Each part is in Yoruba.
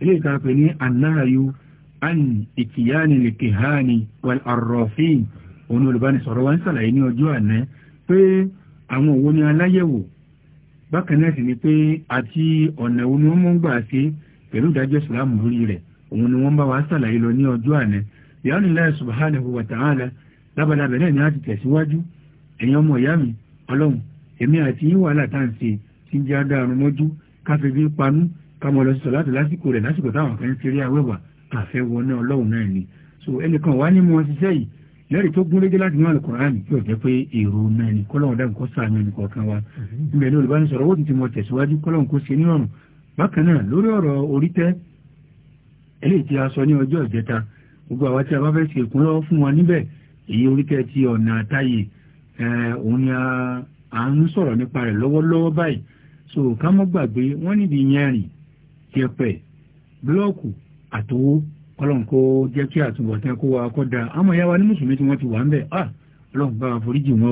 ilé ìtàpẹ̀ ní anáàyú an ìkìyàní lè kìhání wal arrafin òun olùbánisọ̀rọ̀ wa ń sàlàyé ní ọjọ́ àná pé àwọn òwò ni aláyẹ̀wò bákan náà sì ni pé àti ọ̀nà òun ni wọ́n mú ń gbà ṣe pẹ̀lú ìdájọ́ ìsìlámù lórí rẹ̀ òun ni wọ́n bá wa sàlàyé lọ ní ọjọ́ àná ìyáàlùláyà subhanahu wa ta'ala lábalábẹ̀ náà ni a ti tẹ̀síwájú ẹ̀yin ọmọ ìyá kámọ́ lọ sí sọ láti lásìkò rẹ̀ lásìkò táwọn kan ń ṣeré awẹ́wà àfẹ́ wọná ọlọ́run náà ni so ẹnìkan wà ní mọ́ ṣiṣẹ́ yìí lẹ́rìí tó gún régé láti mọ́ àlùkùránì yóò jẹ́ pé èrò náà ni kọ́lọ́run dáhùn kọ́ sàánú ẹnì kọ̀ọ̀kan wa níbẹ̀ ní olùbánisọ̀rọ̀ ó ti ti mọ tẹ̀síwájú kọ́lọ́run kó ṣe nírọ̀rùn bákan náà lórí ọ̀rọ̀ orí tẹ́ eléyìí tí a sọ ní ọjọ́ ìjẹta gbogbo àwa tí a bá fẹ́ ṣe ìkúnlọ́wọ́ fún wọn níbẹ̀ èyí orí tẹ́ ti ọ̀nà àtàyè òun ni a ń sọ̀rọ̀ nípa rẹ̀ lọ́wọ́lọ́wọ́ báyìí so ká mọ́ gbàgbé wọ́n nídìí yẹn rìn yẹpẹ̀ búlọ́ọ̀kù àtòwó ọlọ́run kó jẹ́ kí àtúbọ̀tán kó wa kọ́ da àmọ́ ìyá ní mùsùlùmí tí wọ́n ti wà ń bẹ̀ ah ọlọ́run bá wa wọn o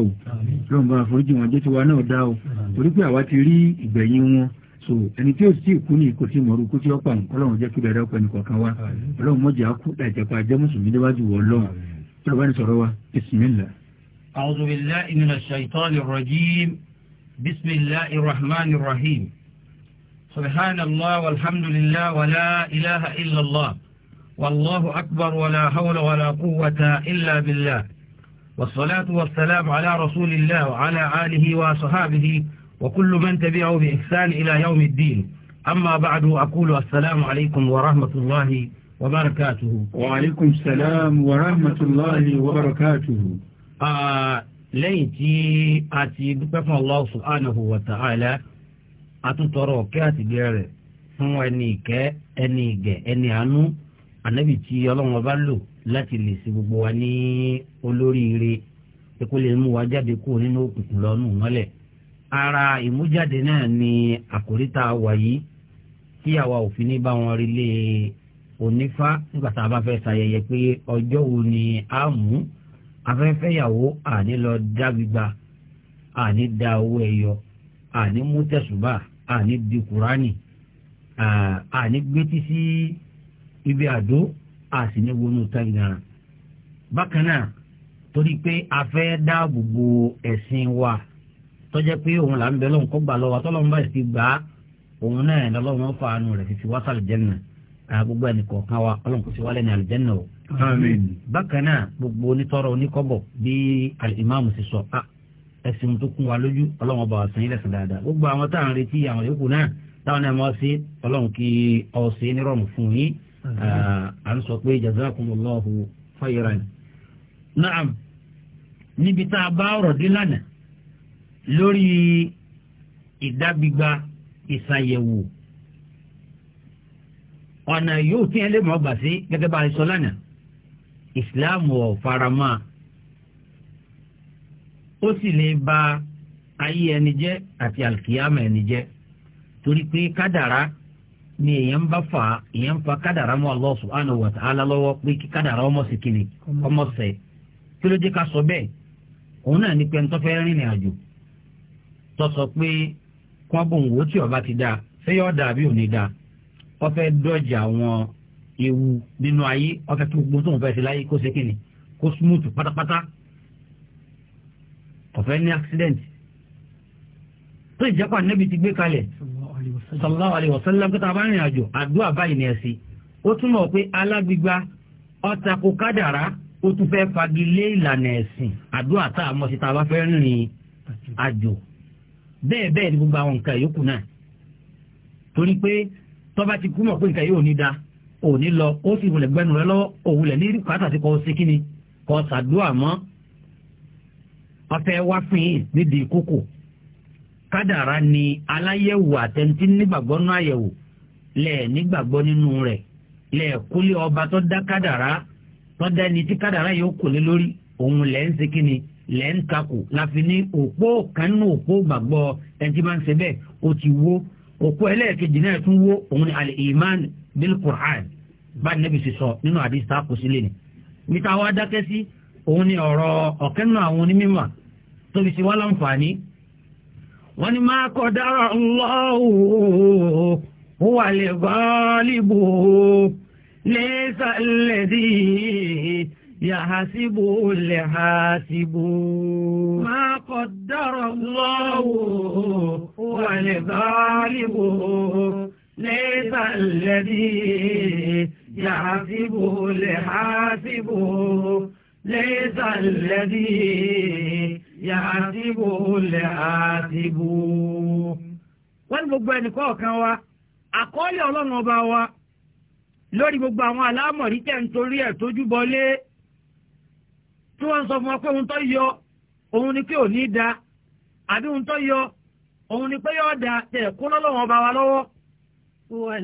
ọlọ́run bá wa wọn jẹ́ tiwa náà dá o torí pé àwa ti rí ìgbẹ̀yìn wọn so ẹni tí ó sì kú ní ikú tí mọ̀rú kú tí ó pàrọ̀ ọlọ́run jẹ́ kí dada ọkọ̀ ẹnì kọ̀ọ̀kan wa ọlọ́run mọ̀jà kú dàjẹ́pá jẹ́ mùsùlùmí níwájú wọ ọlọ́run tí ọlọ́run bá ní sọ̀rọ̀ wa bisimilá. a'udhu سبحان الله والحمد لله ولا إله إلا الله والله أكبر ولا حول ولا قوة إلا بالله والصلاة والسلام على رسول الله وعلى آله وصحابه وكل من تبعه بإحسان إلى يوم الدين أما بعد أقول السلام عليكم ورحمة الله وبركاته وعليكم السلام ورحمة الله وبركاته ليتي أتي بكفى الله سبحانه وتعالى atúntọrọ ọ̀kẹ́ àtìgbẹ́ rẹ̀ fún ẹni ìkẹ́ ẹni ìgẹ̀ ẹni àánú ànábì tí ọlọ́run ọba lò láti lè ṣe gbogbo wa ní olóríire kó lè mú wa jáde kúrò nínú òkùnkùn lọ́nù mọ́lẹ̀ ara ìmújáde náà ni àkórí tá a wà yìí tí àwa ò fi ní bá wọn rí lé onífá nígbà tá a bá fẹ́ ṣàyẹyẹ pé ọjọ́ wo ni a mú afẹ́fẹ́yàwó àní lọ dábìgbà àní da owó ẹ̀yọ àní mú tẹ̀sùbà àní di kùránì àní gbétí sí ibi àdó àsì ní wọnú táyìnàrà bákan náà torí pé a fẹ́ dáàbò bo ẹ̀sìn wa tọ́jẹ́ pé òun là ń bẹ lọ́hùn kó gbà lọ́wọ́ tọ́lọ́hún bá ti gbà á òun náà lọ́lọ́hún fa àánú rẹ̀ fífi wá sálì jẹ́nà gbogbo ẹnì kọ̀ọ̀kan wa ọlọ́run kò sí wálé ní àlùjẹ́nà o. bákan náà gbogbo onítọ́rọ̀ oníkọ́bọ̀ bí alimami ti sọ ẹ̀sìn tó kún wa lójú ọlọ́run ọba ọ̀sán yìí lẹ́sìn dáadáa gbogbo àwọn táwọn retí àwọn yòókù náà táwọn náà máa ṣe ọlọ́run kí ọ̀sẹ̀ nírọ̀rùn fún yín à ń sọ pé jazakumullahu khairan. naam níbi tá a bá ọ̀rọ̀ dé lánàá lórí ìdábìgba ìsàyẹ̀wò ọ̀nà yóò tí ẹ lè mọ̀ gbà sí gẹ́gẹ́ bá a sọ lánàá ìsìláàmù ọ̀ faramá ó sì lè ba ayé ẹni jẹ́ àti àlùkìyàmọ̀ ẹni jẹ́ torí pé kádàrá ni èèyàn bá fa èèyàn fa kádàrá mọ́ Allah subhanahu wa ala lọ́wọ́ pé kádàrá ọmọ sì kìnnì ọmọ sẹ̀ kí ló dé ká sọ bẹ́ẹ̀ òun náà ní pé ń tọ́fẹ́ rìnrìn àjò pé ti ṣé yọ bí wọn ewu nínú ayé gbogbo tóun ṣe láyé kó ṣe kìnnì kó smooth kọ̀fẹ́ ní accident tó ìjẹ́pà nẹ́bi ti gbé kalẹ̀ sallallahu alaihi wasallam kí ta bá rìnrìn àjò àdúrà báyìí ní ẹ̀sìn ó túmọ̀ pé alágbígbá ọ̀tàkù kádàrá ó tún fẹ́ fagilé ìlànà ẹ̀sìn àdúrà tá a mọ̀ sí ta bá fẹ́ rìnrìn àjò bẹ́ẹ̀ bẹ́ẹ̀ ni gbogbo àwọn nǹkan yòókù náà torí pé tọ́ba ti kú mọ̀ pé nǹkan yóò ní da òní lọ ó sì wulẹ̀ gbẹnu rẹ lọ́wọ́ òwulẹ̀ ní kátàtí kọ́ sí kíni kọ́ sàdúrà mọ́ ọ̀fẹ́ wá fún yín nídìí kókò kádàrá ni aláyẹ̀wò àtẹ̀ntì nígbàgbọ́ nínú àyẹ̀wò lẹ̀ nígbàgbọ́ nínú rẹ̀ lẹ̀ kúlé ọba tó dá kádàrá tó dá ẹni tí kádàrá yóò kò lé lórí òun lẹ̀ ń ṣe kíni lẹ̀ ń takò láfi ní òpó kanú òpó gbàgbọ́ ẹni tí máa ń ṣe bẹ́ẹ̀ ó ti wó òpó ẹlẹ́ẹ̀kejì náà tún wó òun ni al-iman bil Qur'an bá nẹ́bi sì sọ nínú àdìsá kò sílẹ̀ ni níta wá dákẹ́ sí òun ni ọ̀rọ̀ tóbi sí wá láǹfààní wọ́n ní máa kọ́ dára Allahu wà lè gbọ́lìbò lẹ́sà lẹ́dí yàhásíbò lẹ́hásíbò. Máa kọ́ dára Allahu wà lè gbọ́lìbò lẹ́sà lẹ́dí yàhásíbò lẹ́hásíbò lẹ́sà lẹ́dí. yàtìbù lẹ̀ àtìbù. wọ́n ní gbogbo ẹnì kọ̀ọ̀kan wa àkọọ́lẹ̀ ọlọ́run ọba wa lórí gbogbo àwọn aláàmọ̀rí tẹ̀ ń torí ẹ̀ tójú sọ fún wa pé òun yọ òun ni pé da àbí òun yọ òun ni pé yọ da tẹ̀ lọ́lọ́run ọba wa lọ́wọ́. òun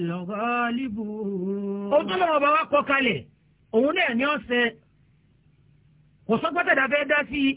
tó lọ́wọ́ ọba wa kọ kalẹ̀ òun náà ní ọ̀sẹ̀ kò fẹ́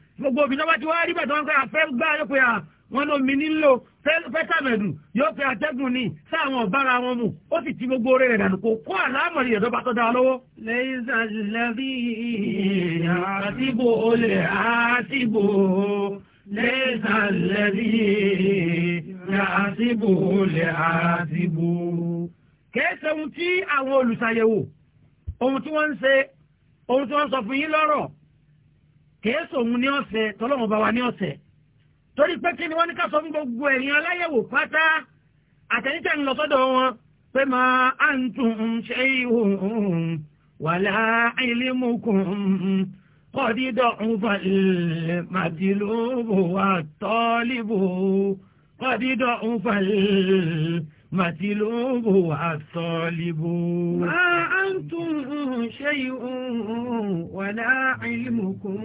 gbogbo obìnrin wá ti wá rí bẹ̀tọ̀ wọn pé àfẹ́ gbá yóò pé àwọn ah, lómi nílò fẹ́tàmẹ̀dù yóò pé àtẹ́gùn ni sáwọn ọ̀bára wọn mú ó sì ti gbogbo rẹ̀ dànù kò kó àlámọ̀rí ẹ̀dọ́ bá tọ́ da lọ́wọ́. lẹ́yìnsà ohun tí àwọn olùṣàyẹ̀wò ohun tí wọ́n ń ṣe ohun tí wọ́n sọ fún yín lọ́rọ̀ kèésò òun ní ọ̀sẹ̀ tọ́lọ́mọ bá wa ní ọ̀sẹ̀ torí pé kí ni wọ́n ní ká sọ fún gbogbo ẹ̀yin aláyẹ̀wò pátá àtẹ̀yìntẹ̀ ń lọ sọ́dọ̀ wọn pé ma antum shay'un wala ilmukum qad da'ufa al-matlubu wa at-talibu qad da'ufa al-matlubu. متلوه الطالب ما أنتم شيء ولا علمكم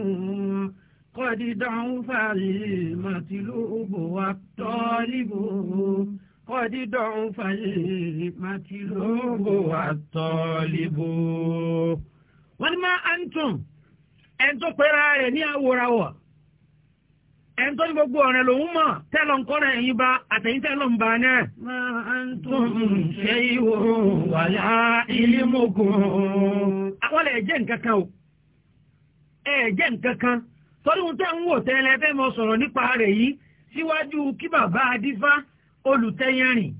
قد ضعف المطلوب والطالب قد ضعف المطلوب والطالب wọ́n ní máa ń tún ẹni tó pẹ́ra rẹ̀ ní àwòrán wọ̀. ẹn tó gbogbo ọ̀rẹ́ lòun mọ̀ tẹ́lọ̀ ń kọ́rẹ̀ ẹ̀yìn bá àtẹ̀yìn tẹ́lọ̀ ń bá náà. máa ń tó ṣe ìwò wà láà ilé mọ́gùn. ẹ̀jẹ̀ nǹkan o ẹ̀jẹ̀ nǹkan kan torí wọn tẹ́ ń wò tẹ́lẹ̀ fẹ́ mọ sọ̀rọ̀ nípa rẹ̀ yìí síwájú kí bàbá adífá olùtẹ́yẹrìn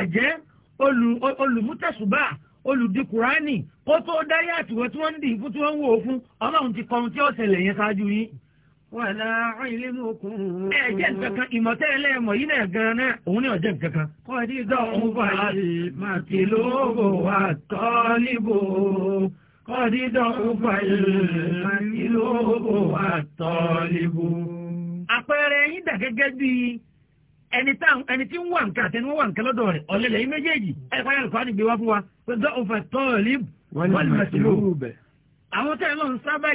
àjẹ́ olùmútẹ̀sùbà kó tó tí wọ́n ń dì fún tí wọ́n ń wò ó fún ọlọ́run wàlá ìlímùkún. ẹ jẹ́ nǹkankan ìmọ̀tẹ́ ẹlẹ́mọ̀ yìí náà gan-an náà òun ní ọ̀jẹ̀ nǹkankan. kọ́ọ̀dí dọ̀hún fàlì màtí lóògùn wà tọ́líbò. kọ́ọ̀dí dọ̀hún fàlì màtí lóògùn wà tọ́líbò. àpẹẹrẹ yín dà gẹ́gẹ́ bíi ẹni tá ẹni tí ń wà nǹkan àti ẹni wọ́n wà nǹkan lọ́dọ̀ rẹ̀ ọ̀lẹ́lẹ̀ yín méjèèjì ẹ̀ fáyà lùkọ́ àdìgbé wá fún wa pé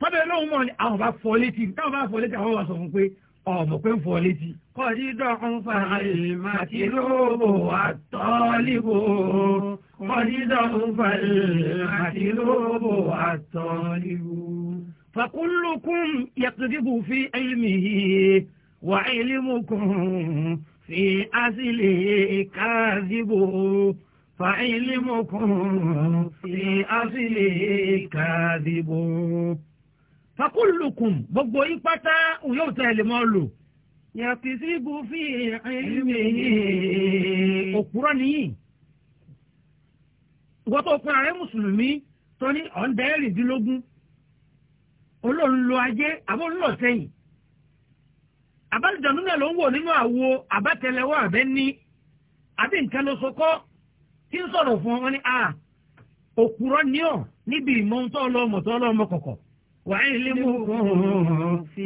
tọ́bẹ̀ lóhùn mọ̀ ni àwọn bá fọ létí táwọn bá fọ létí àwọn wà sọ fún pé ọ̀mọ̀ pé ń fọ létí. kọ́dí dọ̀kun fa ìmọ̀ àti lóòbò àtọ́líbò kọ́dí dọ̀kun fa ìmọ̀ àti lóòbò àtọ́líbò. فكلكم يكذب في علمه وعلمكم في أزله كاذب فعلمكم في أزله كاذب fakulukum gbogbo yín pátá yóò tẹ̀ lè mọ́ lò. yàtìsí bufi ẹ̀mí. òpùrọ̀ nìyí wọ́n tó pin ààrẹ mùsùlùmí tó ní ọ̀ndẹ́rìndínlógún olóòrùn lo ajé àbọ̀ ńlọ sẹ́yìn àbálùjọ́nù náà ló ń wò nínú àwo àbátẹlẹwọ́ àbẹ́ ní àbí nǹkan ló so kọ́ kí n sọ̀rọ̀ fún ọ ní a òpùrọ̀ ní ọ níbi ìmọ̀ ń tọ́ ọ lọ́mọ tọ́ ọ lọ́mọ kọ̀kọ̀. وعلمكم في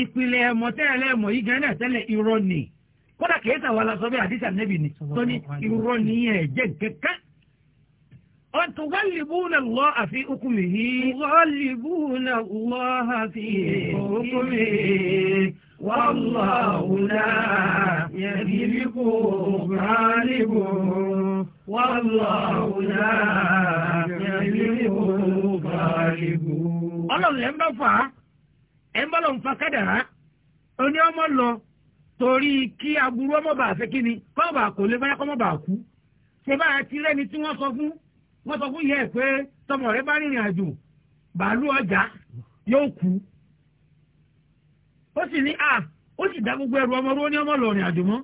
ìpìlẹ̀ ẹ̀mọ́ tẹ́lẹ̀ ẹ̀mọ́ yìí gẹ́gẹ́ tẹ́lẹ̀ irọ́ ni kódà kìí sàwọn aláṣọ bí nẹ́bì ni tó ní irọ́ ni ẹ̀ jẹ́ kẹ́kẹ́. وتغلبون الله في حكمه تغلبون الله في حكمه والله لا يملك غالب والله لا يملك غالب ọlọ́run lẹ́ ń bá fà á ẹ̀ ń bá lọ́n fa kádàrá ó ní ọmọ lọ torí kí aburú ọmọ bá fẹ́ kí ni kọ́ bá kò lè báyà kọ́ mọ́ bá kú ṣé bá ti rẹ́ni tí wọ́n sọ fún wọ́n sọ fún yẹ pé tọmọ rẹ bá rìnrìn àjò bàálù ọjà yóò kú ó sì ní a ah, ó sì dá gbogbo ẹrù ọmọ ruo ní ọmọ lọ́rin àjò mọ́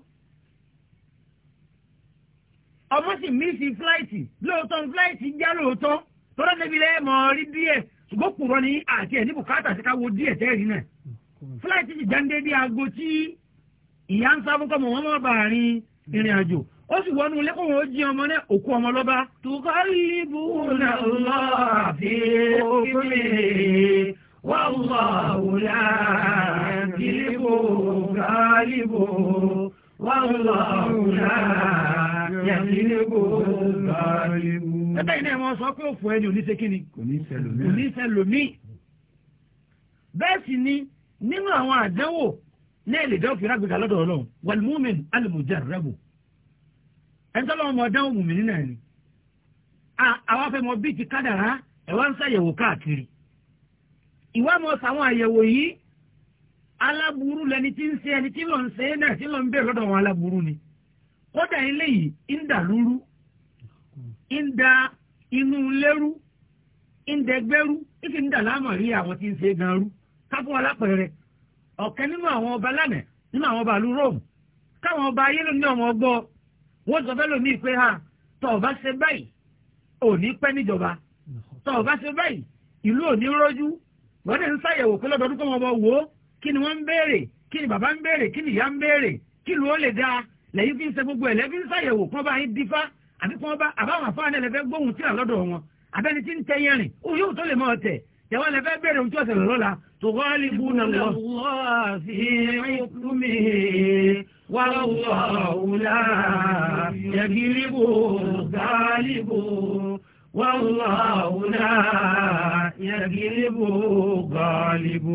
ọmọ sì mísì fúláìtì lóòótọ́ fúláìtì já lóòótọ́ tọ́lá níbi lẹ́ẹ̀ mọ́ rí díẹ̀ ṣùgbọ́n kùrọ̀ ní àti ẹ̀ ní bùkátà sí káwọ́ díẹ̀ tẹ́rì náà fúláìtì sì jáde bí aago tí ìyá ń sá ìrìn àjò ó sì wọnú wọn ó jí ọmọ náà òkú ọmọ lọ́ba. tùkọ́ والله لا يغلب غالب والله لا يغلب غالب. ẹgbẹ́ iná ẹ̀mọ́ sọ pé òfò ẹni oníṣe kí ni kò ní sẹlòmí. bẹ́ẹ̀ sì ni nínú àwọn àdánwò náà lè dẹ́wọ́ fìrà gbèsè lọ́dọ̀ ọlọ́run wàlmúmin alimujarrabu ẹni tó lọ́wọ́ mọ dánwò mùmí nínú ẹ̀ ni. àwa fẹ́ mọ bíi ti kádàrá ẹ̀ wá ń sàyẹ̀wò káàkiri ìwà mọ̀ sàwọn àyẹ̀wò yìí aláburú lẹni tí ń ṣe ẹni tí lọ́n ṣe é náà tí lọ́n bẹ̀rẹ̀ lọ́dọ̀ àwọn aláburú ni kódà ilé yìí ń dà lóru ń da inú lérú ń dẹgbẹ́rú ìfi ń dà láàmọ̀ rí àwọn tí ń ṣe gan rú káfọ́ alápẹ̀rẹ̀ ọ̀kẹ́ nínú àwọn ọba lánàá nínú àwọn ọba ìlú Róòmù káwọn ọba ayé ló ọmọ ọgbọ́ wọ́n sọ fẹ́ lómi pé ha tọ̀ ọba ṣe báyìí òní pẹ́ níjọba tọ̀ ọba ṣe báyìí ìlú òní rọ́jú wọ́n ń ṣàyẹ̀wò pé lọ́dọọdún kọ́ wọn bọ̀ kí ni wọ́n ń béèrè kí ni bàbá ń béèrè kí ni ìyá ń béèrè kí ló lè dáa lẹ́yìn fi ń ṣe gbogbo ẹ̀ lẹ́yìn fi ń ṣàyẹ̀wò kọ́ bá yín dífá àbí kọ́ bá àbáwọn afáàní ẹlẹ́fẹ́ gbóhùn tíra lọ́dọ̀ wọn abẹ́ni tí ń tẹ yẹn rìn ó yóò tó lè máa tẹ̀ yàwọn ẹlẹ́fẹ́ béèrè ohun tí ọ̀sẹ̀ lọ́la tó والله لا يغلب غالب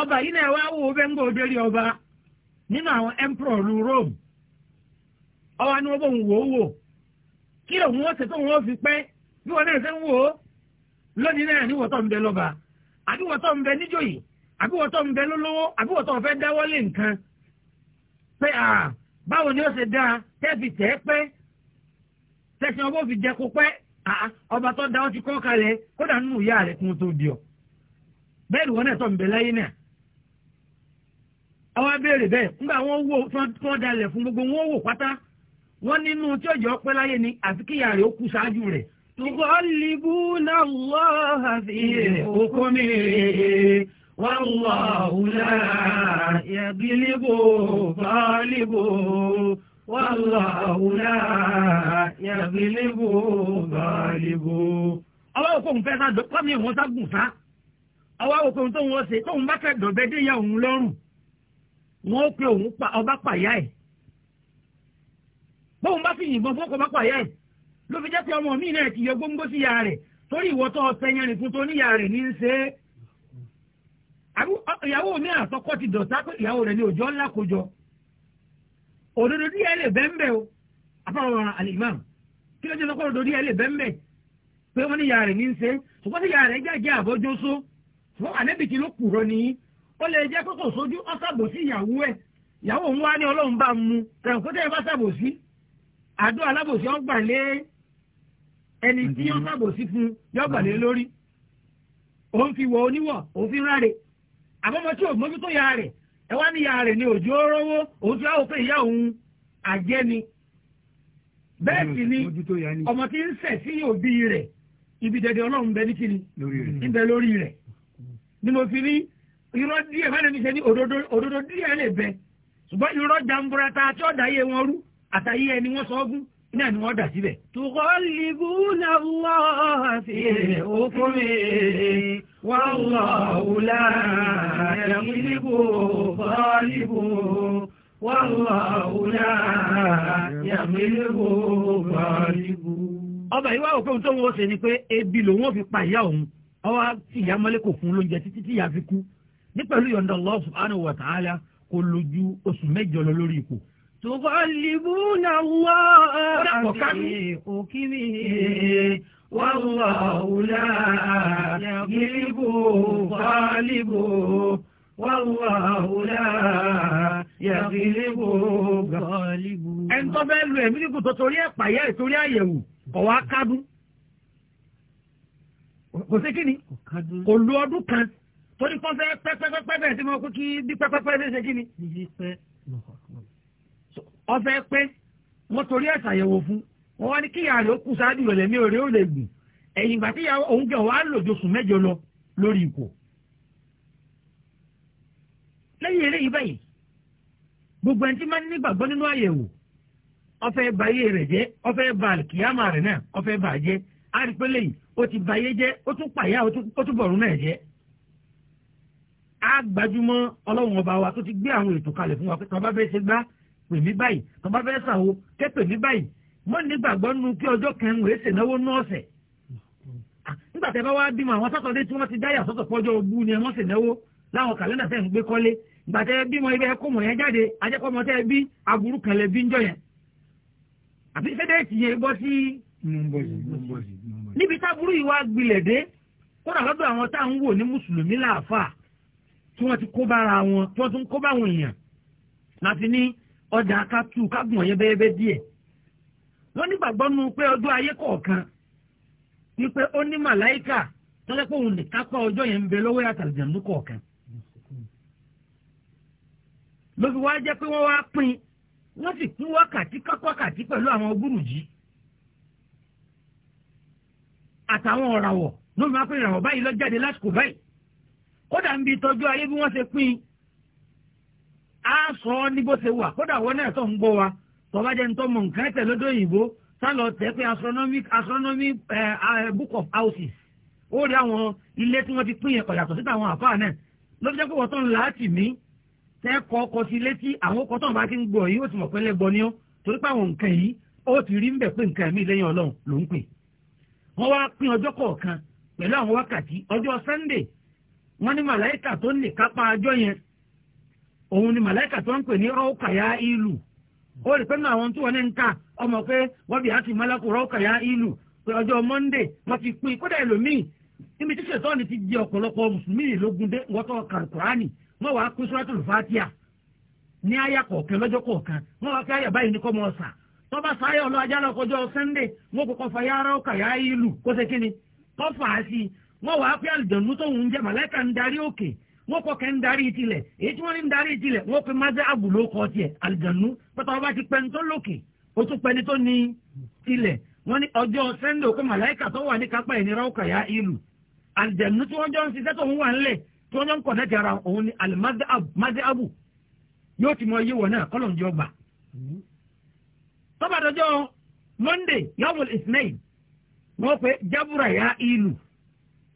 ọba yìí náà wá wò bẹ́ẹ̀ ń gbọ́ ọba nínú àwọn emperor ọba ní wọ́n bọ̀ wò ó wò kí lòun ó ṣe tó wọn ó fi pẹ́ bí wọn náà ṣe ń wò ó lónìí náà ní wọ́tọ̀ ń bẹ lọ́ba àbí wọ́tọ̀ ń bẹ níjòyè àbí wọ́tọ̀ ń bẹ lólówó àbí wọ́tọ̀ fẹ́ dáwọ́lé nǹkan ni ó ṣe tẹ́ẹ̀fì tẹ́ẹ́ tẹ̀sán ọba fi jẹ́ kó ọba tó da ọ ti kọ́ kalẹ̀ kódà nínú ìyá rẹ̀ kún tó di ọ náà tọ̀ ń láyé náà àwọn abéèrè bẹ́ẹ̀ nígbà wò dalẹ̀ fún gbogbo wọn wò pátá nínú tí ó jẹ́ ọpẹ́ láyé ni àfi kíyà rẹ̀ ó kú ṣáájú Wallahu la yaghlibu ghalibu. Ọwọ́ òkú òun fẹ́ sá dọ̀ kọ́mí òun ságùn sá. Ọwọ́ òkú òun tó wọ́n ṣe tóun bá fẹ́ dọ̀bẹ́ dé ìyá òun lọ́rùn. Wọ́n pe òun pa ọba pàyà ẹ̀. Bóun bá fi yìnbọn fún ọkọ̀ ọba pàyà ẹ̀. Ló fi jẹ́ pé ọmọ mi náà ti yọ òdodo díẹ̀ lè bẹ́ńbẹ́ o afáwọn alimam kí ló jẹ́ sọ́kọ́ òdodo díẹ̀ lè bẹ́ńbẹ́ pé wọ́n ní ìyá rẹ̀ ní ń ṣe ṣùgbọ́n tí ìyá rẹ̀ jẹ́jẹ́ àbójóso fún ànẹ́bì ló kùrọ̀ nìyí ó lè jẹ́ kókò sójú ìyàwó ẹ̀ ìyàwó òun wá ní ọlọ́run bá mu bá sàbòsí àdó alábòsí ẹni tí ó sàbòsí fún wọ oníwọ̀ òun fi ẹ wá níyà rẹ̀ ní òjò rówó òjò àwọn pé ìyá òun àjẹ́ ni bẹ́ẹ̀ sì ni ọmọ tí ń sẹ̀ sí òbí rẹ̀ ibi dẹ̀dẹ̀ ọlọ́run bẹ ní kíni níbẹ̀ lórí rẹ̀ ni mo fi ní irọ́ díẹ̀ fẹ́ẹ́ ní ṣe ní òdodo díẹ̀ lè bẹ ṣùgbọ́n irọ́ jamburata tí ọ̀dà yẹ wọn rú àtàyé ẹni wọ́n sọ ọgún náà ni wọ́n dà síbẹ̀. tùkọ́ lìbùnà wọ́ọ̀ fi òkú mi. والله لا يغلب غالبه والله لا يغلب غالبه ọba ìwà òfin tó wọ́n ṣe ni pé ebi lòun ò fi pa ìyá òun ọwọ́ tí ìyá mọ́lé kò fún lóúnjẹ títí tí ìyá fi kú ní pẹ̀lú yọ̀ǹda Allah subhanahu wa ta'ala kò lójú oṣù mẹ́jọ lọ lórí ipò. tùfọ̀ lìbùnà wọ́ọ̀ àti òkìrì. والله لا يغلب غالب والله لا يغلب غالب ẹni tó bẹ́ẹ̀ lu ẹ̀mí ní kò tó torí ẹ̀ pàyà ìtorí àyẹ̀wò kò wá kádùn kò sí kí ni kò lu ọdún kan torí kan fẹ́ pẹ́pẹ́pẹ́ bẹ́ẹ̀ tí mo kú kí bí pẹ́pẹ́pẹ́ ṣe ṣe kí ni. ọfẹ́ pé mo torí ẹ̀ ṣàyẹ̀wò fún wọ́n wá ní kíyà rẹ̀ ó kú sáájú rẹ̀ lẹ́mí òré ó lè gùn ẹ̀yìn ìgbà tí òun jẹ́ wàá lòjòsù mẹ́jọ lọ lórí ipò. lẹ́yìn eléyìí báyìí gbogbo ẹni tí máa ń nígbàgbọ́ nínú àyẹ̀wò ọfẹ́ ba ayé rẹ̀ jẹ́ ọfẹ́ ba kìyàmà rẹ̀ náà ọfẹ́ bà jẹ́ àrípẹ́lẹ́ yìí ó ti ba ayé jẹ́ ó tún pàyà ó tún bọ̀rún náà jẹ́. a gbajúmọ̀ ọlọ́run ọba wa tó ti gbé àwọn ètò kalẹ̀ fún wa pé tọ́ba fẹ́ ṣe gbá pè mí báyìí tọ́ba fẹ́ ṣàwo kẹ́ pè mí báyìí mọ́ nígbàgbọ́ nu kí ọjọ́ kan ń wèé ṣènáwó ní ọ̀sẹ̀ ah, nígbà tẹ́ bá wá bímọ àwọn sátọ̀dé tí wọ́n ti dáyà sọ́tọ̀ pọ́jọ́ ogbú ni wọ́n ṣènáwó láwọn kàlẹ́ndà tẹ́ ń gbé kọ́lé ìgbà tẹ́ bímọ ibẹ̀ kó mọ̀ yẹn jáde ajẹ́kọ́mọ tẹ́ bí aburú kan lè bí ń jọ yẹn àfi sẹ́dẹ̀ ti yẹn bọ́ sí. níbi táburú yìí wá gbilẹ̀ dé kódà lọ́dọ̀ àwọn tá à ń wò ní mùsùlùmí láàfà tí wọ́n ti kó bára wọn tí wọ́n tún kó báwọn èèyàn láti ní ọjà ká tú ká gbọ̀n yẹn ló nígbàgbọ́ nu pé ọjọ́ ayé kọ̀ọ̀kan wípé ó ní màláìkà tọ́lẹ́ pé òun lè kápá ọjọ́ yẹn ń bẹ lọ́wọ́ yàtọ̀ àlùjànnú kọ̀ọ̀kan. ló fi wá jẹ́ pé wọ́n wá pín wọ́n sì pín wákàtí kápákàtí pẹ̀lú àwọn gúrùjì àtàwọn ọ̀ràwọ̀ ló máa pín ìràwọ̀ báyìí lọ jáde lásìkò báyìí kódà ń bi tọ́jú ayé bí wọ́n ṣe pín a sọ ọ́ ní bó ṣe wà kódà wọ́n náà tó ń gbọ́ wa tọ́ba jẹ́ nítorí mọ̀ nǹkan tẹ̀ lọ́dọ̀ òyìnbó sálọ tẹ̀ pé astronomic astronomic book of houses ó rí àwọn ilé tí wọ́n ti pín yẹn kọ̀yàtọ̀ síta àwọn àfáà náà lọ́dọ̀ jẹ́ pé wọ́n tán láti mí tẹ́ kọ́ ọkọ̀ sí létí àwọn ọkọ̀ tán bá ti ń gbọ̀ yìí ó ti mọ̀ pé lẹ́gbọ́ ni ó torí pé àwọn nǹkan yìí ó ti rí mbẹ̀ pé nǹkan mi lẹ́yìn ọlọ́run ló ń pè wọ́n wá pín ọjọ́ kọ̀ọ̀kan pẹ̀lú àwọn wákàtí ọjọ́ Sunday wọ́n ní màláìkà tó ń lè kápá ajọ́ yẹn òun ni màláìkà tó ń ó rí pẹ́ẹ́nù àwọn tí wọ́n ní ń kà ọmọ pé wọ́n bí àti mọ́lákùrọ̀ kàyà ìlú pé ọjọ́ Monday wọ́n ti pín kódà ẹlòmíì níbi tí ṣètọ́ni ti jẹ ọ̀pọ̀lọpọ̀ mùsùlùmí lógún dé wọ́n tọ́ kàrùkùránì wọ́n wàá pín suratul Fatiha ní àyà kọ̀ọ̀kan lọ́jọ́ kọ̀ọ̀kan wọ́n wàá pín àyà báyìí ní kọ́ mọ́ ọ̀sà tó bá sáyé ọlọ́ ajá lọ kọjọ́ Sunday wọ́n kò kọfà yàrá ọkà yá ìlú kó ṣe kíni kọfà á sí wọ́n wàá pín àlùjọ̀nù tóun jẹ màlẹ́kà ń darí òkè wọ́n kọ́ kẹ́ ń darí tilẹ̀ èyí tí wọ́n ní ń darí tilẹ̀ wọ́n pe mazẹ́ àbù ló kọ́ tiẹ̀ àlìjànú pátá ọba ti pẹni tó lókè ó tún pẹni tó ní tilẹ̀ wọ́n ní ọjọ́ sẹ́ńdẹ̀ òkú màláìkà tó wà ní kápá ìnira ọkà ya ìlú àlìjànú tí wọ́n jọ ń ṣiṣẹ́ tó ń wà ńlẹ̀ tí wọ́n jọ ń kọ̀dẹ́tì ara òun ni mazẹ́ àbù yóò ti mọ iye wọ̀ náà kọ́lọ̀ ń jọ gbà tọ́bàdọ́jọ́ Monday yawul ismail wọ́n pe jabura ya ìlú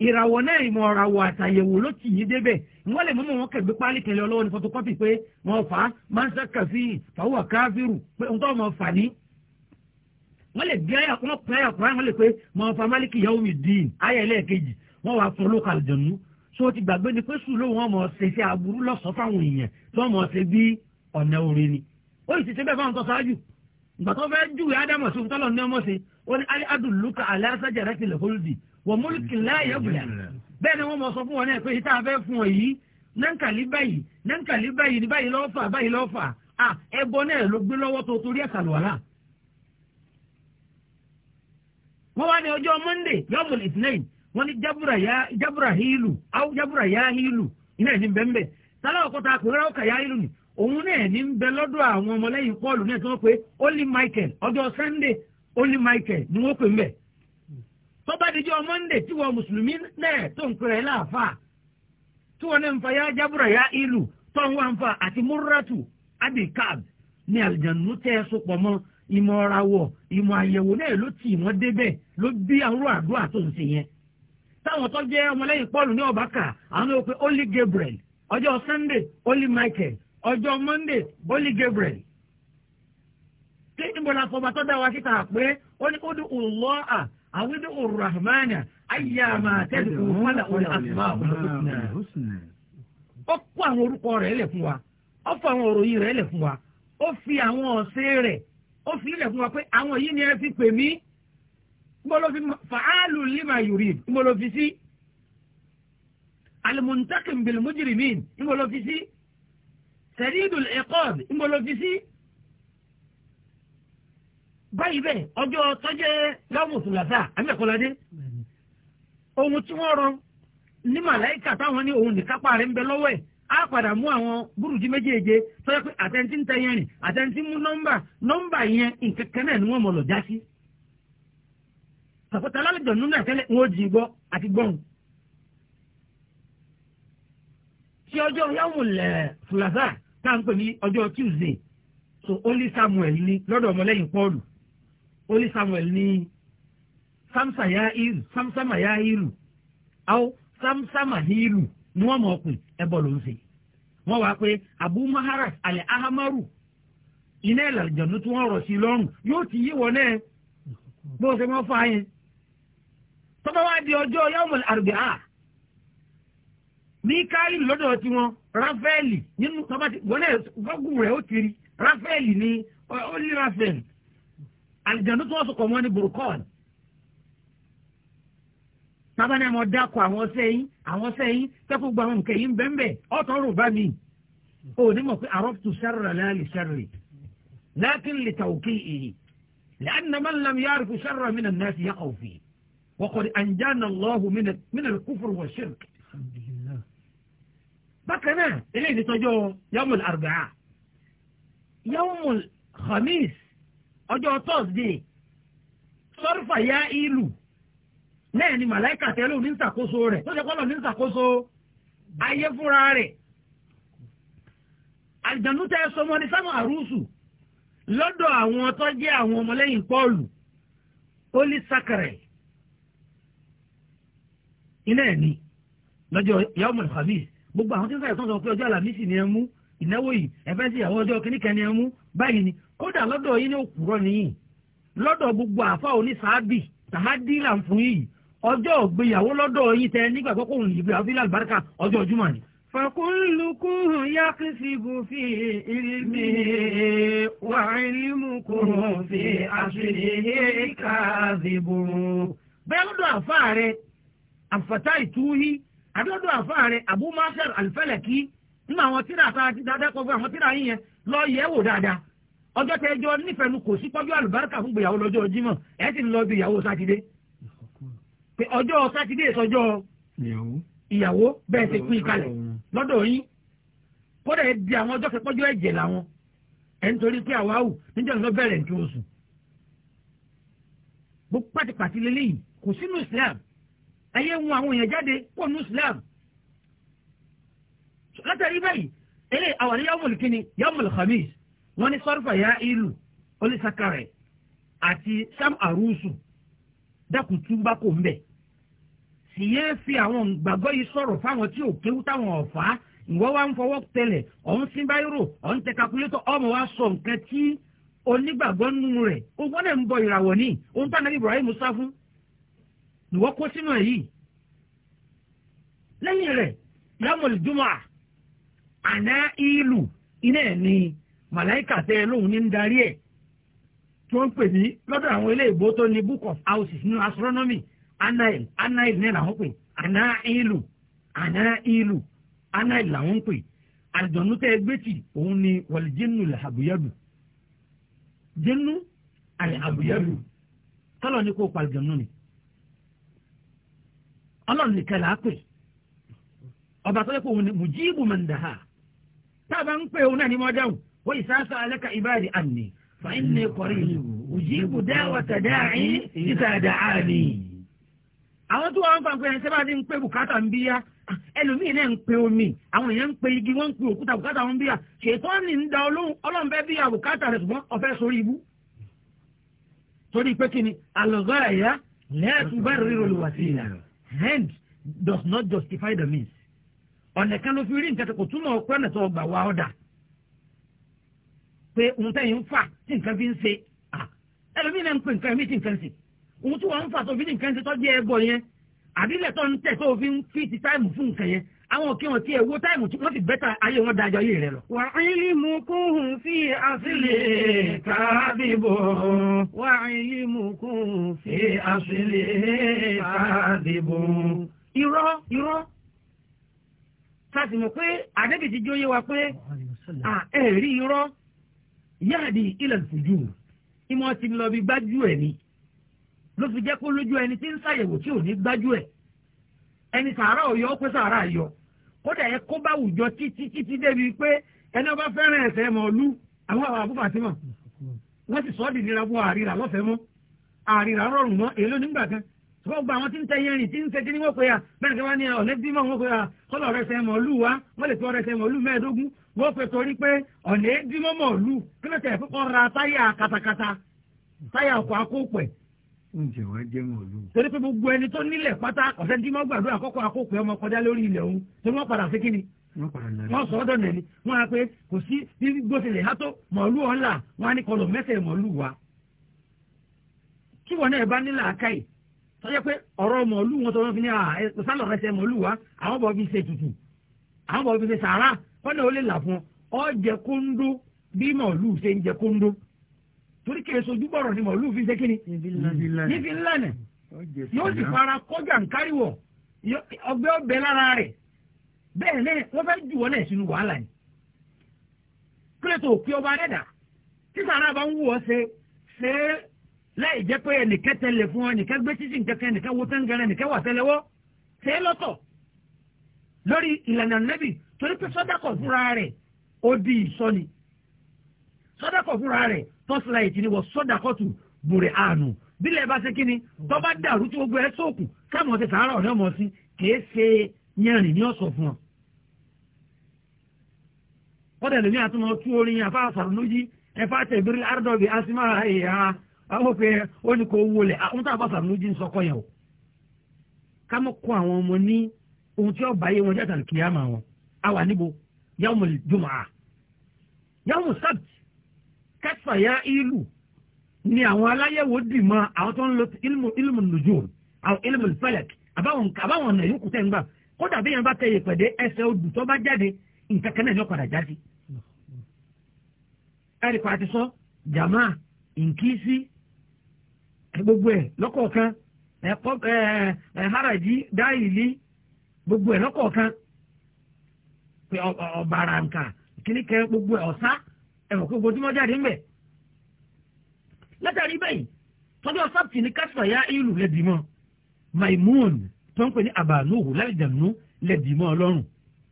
ìràwọ̀ náà ìmọ̀ ọ̀ràwọ̀ àtàyẹ̀wò ló ti yìí débẹ̀ wọ́n lè mọ́mọ́ wọn kẹ̀gbẹ́ pálí tẹ̀lé ọlọ́wọ́ ní fọtokọ́pì pé wọ́n fà á máa ń sákà sí fàwọ́ káfíìrù pé ohun tó wọn fà ní. wọ́n lè gbé àyà wọn pẹ́ àyà wọ́n lè pé mọ̀ fà máàlìkì yahoo mi dín ayà ẹlẹ́ẹ̀kejì wọ́n wàá fún olóka àlùjọ̀nù so ti gbàgbé ni pé sùúrù wọn mọ̀ ṣe sí aburú lọ́sọ̀ọ́ fáwọn èèyàn tó mọ̀ ṣe bí ọ̀nà orin ni ó sì ṣe bẹ́ẹ̀ fáwọn tó ṣáájú ìgbà tó fẹ́ júwe ádámọ̀ sí wọ múlùkì láàyè bùlà bẹ́ẹ̀ ni wọ́n mọ̀ sọ fún wọn náà pé ìta abẹ́ fún ọ yìí nankali báyìí nankali báyìí ni báyìí lọ́ọ́ fà báyìí lọ́ọ́ fà à ẹbọ náà ló gbé lọ́wọ́ tó torí ẹ̀ wọ́n wá ní ọjọ́ ìtìlẹ́yìn wọ́n ní jábùrà hílù áwù jábùrà yá hílù iná ẹ̀ ní ni tọ́ba díjọ́ mọ́ndé tí wọ́n mùsùlùmí náà tó ń pèrè láàfà tí wọ́n náà ń fa yá jábúrà ìlú tó ń wá ń àti múrúrátù abikab ní àlùjánu tẹ́ ẹ sopọ̀ mọ́ ìmọ̀ ọ̀ra wọ̀ ìmọ̀ àyẹ̀wò náà ló tì wọ́n débẹ̀ ló bí yẹn Gabriel ọjọ́ Sunday holy Michael ọjọ́ Monday holy Gabriel kí fọba tó dá wa síta pé ó ní kó dùn àwùjọ òrùràmánà ayé àmà tẹ́lifù fọlá òní àtúmá òhùnà. ó kó àwọn orúkọ rẹ̀ lẹ̀ fún wa ó fọ àwọn òròyìn rẹ̀ lẹ̀ fún wa ó fi àwọn ọ̀sẹ̀ rẹ̀ ó fi lẹ̀ fún wa pé àwọn yìí ni ẹ fi pè mí gbọ́lọ́fi fàálù lima yurid gbọ́lọ́fi sí alimuntakim bilmujrimin sí sẹ́rídùl ẹ̀kọ́ọ̀d gbọ́lọ́fi sí báyìí bẹ́ẹ̀ ọjọ́ tọ́jẹ́ yàmùsùlàsà àmẹ́kọ̀ládé ohun tí wọ́n rọ ní màláìkà táwọn ní òun nìkápá rẹ̀ ń bẹ lọ́wọ́ ẹ̀ á padà mú àwọn burújí méjèèje tọ́jẹ́ pé àtẹ̀ntì ń tẹ yẹn rìn àtẹ̀ntì mú nọ́mbà nọ́mbà yẹn nǹkan kan náà ni wọ́n mọ̀ lọ já sí. sàpótà alálejò nínú àtẹ́lẹ̀ wọn ò jì gbọ́ àti gbọ́n. tí ọjọ́ yàmùlẹ̀ fùlàsà táà ń pè ní ọjọ́ Tuesday so only Samuel ní lọ́dọ̀ ọmọlẹ́yìn Pọ́ọ̀lù ó samuel ní samsa ya iru samsama ya iru àwọn samsama ní iru ni wọ́n mọ̀ ọkùn ẹbọ ló ń ṣe wọ́n wá pé abu maharat alẹ́ ahamaru iná ìlàjọ̀nù tí wọ́n rọ̀ sí lọ́rùn yóò ti yí wọ náà bó ṣe mọ́ fà yẹn tọ́ba wá di ọjọ́ yawmul arba'a mikali lọ́dọ̀ tiwọn rafaeli nínú tọ́ba ti wọ́n náà gbọ́gùn rẹ̀ ó ti rí rafaeli ni ó lé rafaeli. àlùjànnú tí wọ́n sọ̀kọ̀ mọ́ ní burúkọ́ọ̀n tábà ní àwọn dákọ̀ àwọn sẹ́yìn àwọn sẹ́yìn tẹ́kọ̀ gba àwọn nǹkan yìí ń bẹ́ẹ̀ bẹ́ẹ̀ ọ̀tọ̀ rò bá mi ò ní mọ̀ pé àrọ́pùtù sẹ́rẹ̀ láàlì sẹ́rẹ̀ lákìn lè tàwọ̀ kí èyí lẹ́yìn man lam ya'rifu sharra min an-nas yaqa'u fihi wa qad anjana Allahu min al-kufr wa shirk bákan náà eléyìí tọjọ́ yawmul arba'a yawmul khamis ọjọ́ thursday sọ́rífà yá ìlú náà ni màláìkà tẹ́lẹ̀ ní ìṣàkóso rẹ̀ tó ṣe kọ́lọ̀ ní ìṣàkóso ayé fúnra rẹ̀ àjànú tẹ́ sọmọ ní sámọ àrùsù lọ́dọ̀ àwọn tó jẹ́ àwọn ọmọlẹ́yìn pọ́ọ̀lù holy sacrament iná ẹ̀ ni lọ́jọ́ yawmul khamis gbogbo àwọn tí ń sáyẹ̀ sọ́sọ́ pé ọjọ́ àlàmísì ni ẹ mú ìnáwó yìí ẹ̀fẹ́ sí ìyàwó ọjọ́ kìnnìkan ni ẹ mú báyìí ni kódà lọ́dọ̀ yín ní òkúrọ̀ nìyí lọ́dọ̀ gbogbo àfa oníṣáàbì tàhádì là ń fún yìí ọjọ́ ògbéyàwó lọ́dọ̀ yín tẹ nígbà kókó òun ìgbéyàwó àlùbáríkà ọjọ́ ojúmọ̀ ni. فكلكم يقسب في علمه وعلمكم في عشره كاذب bẹ́ẹ̀ lọ́dọ̀ àfa rẹ̀ àfàtà ìtúhí àbí lọ́dọ̀ àfa rẹ̀ Abu Mashar al nínú àwọn tíra tá a ti dáadáa kọ fún àwọn tíra yín yẹn lọ yẹ̀ wò dáadáa ọjọ́ tẹ ẹjọ́ nífẹ̀ẹ́nu kò sí pọ́jú àlùbáríkà fún gbéyàwó lọ́jọ́ Jímọ̀ ẹ̀ sì ń lọ bí ìyàwó sátidé pé ọjọ́ sátidé sọjọ́ ìyàwó bẹ́ẹ̀ ti pín kalẹ̀ lọ́dọ̀ yín kódà ẹ di àwọn ọjọ́ kẹpọ́jú ẹ̀jẹ̀ làwọn ẹ̀ ń torí pé àwa wù níjọ́ ló bẹ̀rẹ̀ nǹkan oṣù gbogbo pàtìpàtì lélẹ́yìn kò sínú Islam ẹ̀yẹ́ ń wọn àwọn èèyàn jáde pọ̀ nínú Islam látàrí báyìí eré àwọn ní yàwùmùlù kínní yàwùmùlù khamis wọn ní sọrọfà yá ìlú olùsàkàrẹ àti sam arusu dákun túmbà kò ń bẹ sì yéé fi àwọn gbàgbọ́ yìí sọ̀rọ̀ fáwọn tí ò kéwú táwọn ọ̀fà ìwọ́ wa ń fọwọ́ tẹlẹ̀ ọ̀hún sí báyìírò ọ̀hún tẹ kakulétọ̀ ọmọ wa sọ nǹkan tí onígbàgbọ́ nínú rẹ̀ ó gbọ́dọ̀ ń bọ ìràwọ̀ ní ohun tó ànábì Ibrahim sá fún ìwọ́ kó sínú ẹ̀ yìí lẹ́yìn rẹ̀ yàmùlù jùmọ̀ àná ìlú iná ẹ̀ ni màláìkà tẹ́ ẹ lóun ní ń darí ẹ̀ tí wọ́n ń pè ní lọ́dọ̀ àwọn ilé ìbò tó ní book of houses nínú astronomy anail anail ní làwọn pè àná ìlú àná ìlú làwọn pè tì òun ni wàlìjínú làbúyàdù jínú tọ́lọ̀ ní kó ni ọlọ́run nìkan là á pè ọba tó yẹ kó tábà ń pè òun náà ní mọ́dáhùn wọ́n ìsáàsọ alẹ́ka ìbáàdì àmì fàáyín ní kọrí òjì ibù dáwà tàdá àyín títà àdá àmì. àwọn tó wọn fàǹfẹ ẹni sábà ní ń pè bùkátà ń bíyá ẹlòmíì náà ń pè omi àwọn èèyàn ń pè igi wọn ń pè òkúta bùkátà wọn bíyà ṣètò ní ń da ọlọ́run fẹ́ bíyà bùkátà rẹ̀ ṣùgbọ́n ọ̀fẹ́ sórí ibú. torí pé kí ni alọ́gọ́rà yá lẹ́ẹ̀tún bá rí does not justify the means ọ̀nà kan ló fi rí nǹkan tó kò túmọ̀ ọ̀pẹ́ ọ̀nà tó gbà wá ọ̀dà pé òun tẹ̀yìn ń fà tí nǹkan fi ń ṣe ẹlòmíì náà ń pè nǹkan ẹ̀mí tí nǹkan ṣe òun tí wọ́n ń fà tó fi ní nǹkan ṣe tó jẹ́ ẹbọ yẹn àbílẹ̀ tó ń tẹ̀ tó fi ń fi ti táìmù fún nǹkan yẹn àwọn òkè wọn ti ẹ̀ wo táìmù tí wọ́n ti bẹ́tà ayé wọn dájọ́ yìí rẹ lọ. wà á ilé mu kóhùn fi àṣìlè kábíbò. wà á ilé mu kóhùn fi àṣìlè kábíbò. irọ́ irọ́ láti mọ̀ pé àdébì ti jóyé wa pé ẹ̀rí irọ́ yáàdì ilẹ̀ ìfojú ìmọ̀ ti lọ bí gbájú ẹ̀ ni ló fi jẹ́ kó lójú ẹni tí ń ṣàyẹ̀wò tí ò ní gbájú ẹ̀ ẹni sàárà ọ̀yọ́ ó pé sàárà ayọ̀ kódà ẹ kó bá wùjọ títí títí débi pé ẹni ọba fẹ́ràn ẹ̀sẹ̀ mọ̀ ọlú àwọn àwọn àbúfà sí mọ̀ wọ́n sì sọ́ọ́ dìdíra fún àríra lọ́fẹ̀ẹ́ mọ́ àríra rọrùn mọ́ èló nígbà kan sọ́kọ́ gba àwọn tí ń tẹ yẹn rìn tí ń ṣe kíní wọ́n pe ya bẹ́ẹ̀ kẹ́wàá ni ọ̀lẹ́ bímọ wọ́n pe ya kọ́lọ̀ rẹ̀ sẹ́ mọ̀ọ́lù wa wọ́n lè tó ọ̀rẹ́ sẹ́ mọ̀ọ́lù mẹ́ẹ̀ẹ́dógún wọ́n pe torí pé ọ̀lẹ́ bímọ mọ̀ọ́lù kílẹ̀ tẹ̀ fún kọ́ra táyà katakata táyà ọkọ̀ akópẹ̀. ǹjẹ́ wàá jẹ́ mọ̀ọ́lù. torí pé gbogbo ẹni tó nílẹ̀ pátá ọ̀sẹ̀ tí wọ́n gbàdúrà kọ́kọ́ akópẹ̀ ọmọ kọjá lórí ilẹ̀ òun torí wọ́n padà sí kíni wọ́n sọ ọ́dọ̀ nẹ̀ni wọ́n á pé kò sí bí gbóṣèlè hátó mọ̀ọ́lù ọ̀la wọ́n á ní kọlọ̀ mẹ́sẹ̀ mọ̀ọ́lù wa. kí wọn náà bá nílà akáyì tọ́jẹ́ pé ọ̀rọ̀ mọ̀ọ́lù wọn tó wọn fi ní ah, sálọ̀ rẹsẹ̀ mọ̀ọ́lù wa àwọn bọ̀ fi ṣe tutù àwọn bọ̀ fi ṣe sàárà wọn náà ó lè là fún ọ jẹ kóńdó bí mọ̀ọ́lù ṣe ń jẹ kóńdó torí kìí sojú bọ̀rọ̀ ni mọ̀ọ́lù fi ṣe kíni níbi ńlànà yóò sì fara kọjá nkáríwọ̀ ọgbẹ́ ọbẹ̀ lára rẹ̀ bẹ́ẹ̀ náà wọ́n fẹ́ jù wọ́n náà sínú wàhálà ni kílẹ̀ tó kí ọba láì jẹ́ pé ẹnìkan tẹ̀lé fún ọ ẹnìkan gbé sísìn kankan ẹnìkan wo táǹgẹ̀rẹ̀ ẹnìkan wà tẹ́lẹ̀wọ́ ṣe é lọ́tọ̀ lórí ìlànà nẹ́bì torí pé sọ́dọ̀kọ̀ fúnra rẹ̀ ó di ìsọ́ni sọ́dọ̀kọ̀ fúnra rẹ̀ tọ́sílàìtì ni wọ́n sọ́dọ̀kọ̀ tù bùrẹ̀ àánú bílẹ̀ bá ṣe kíni tó bá dàrú tí gbogbo ẹ sóòkù káàmọ̀ ti sàárà ọ̀dọ́ mọ̀ sí kìí ṣe yanrìn ní ọ̀sọ̀ fún ọ. ọ̀dẹ̀ lèmi àtúmọ̀ tú orin afáfàrún lójí ẹ̀fà tẹ̀bírí àrùdọ̀bì asímà ẹ̀yà àwọn obìnrin ó ní kó wọlé àwọn tá a bá sàmúlójú ń sọkọ yẹn o ká mọ̀ kó àwọn ọmọ ní ohun tí ọba yé wọn jáde kìyàmà wọn a wà níbo yàwùmọ̀ jùmọ̀ à yàwùmọ̀ sábì kẹfà ya ìlú ni àwọn aláyẹ̀wò dì mọ́ àwọn tó ń lo ilmu nùjú àwọn ilmu falak àbáwọn àbáwọn ọ̀nà yòókù tẹ̀ ń gbà kódà bí yẹn bá tẹ ìpèdè ẹsẹ̀ odù tó bá jáde nǹkan kan náà ní ọ̀padà jáde. ẹ̀rì pàtí sọ jàmáà nkìsí gbogbo ẹ̀ lọ́kọ̀ọ̀kan haraji dáìlì gbogbo ẹ̀ lọ́kọ̀ọ̀kan pé ọ̀bàrà nkà kíní kẹ gbogbo ẹ̀ ọ̀sá ẹ̀wọ̀n gbogbo tí wọ́n jáde ńbẹ̀. látàrí bẹ́ẹ̀ tọ́jú ọ̀sáàtì ní kásìtà ya ìlú lẹ́dìmọ́ maimun tó ń pè ní abanuhu lẹ́dìmọ́ lẹ́dìmọ́ ọlọ́run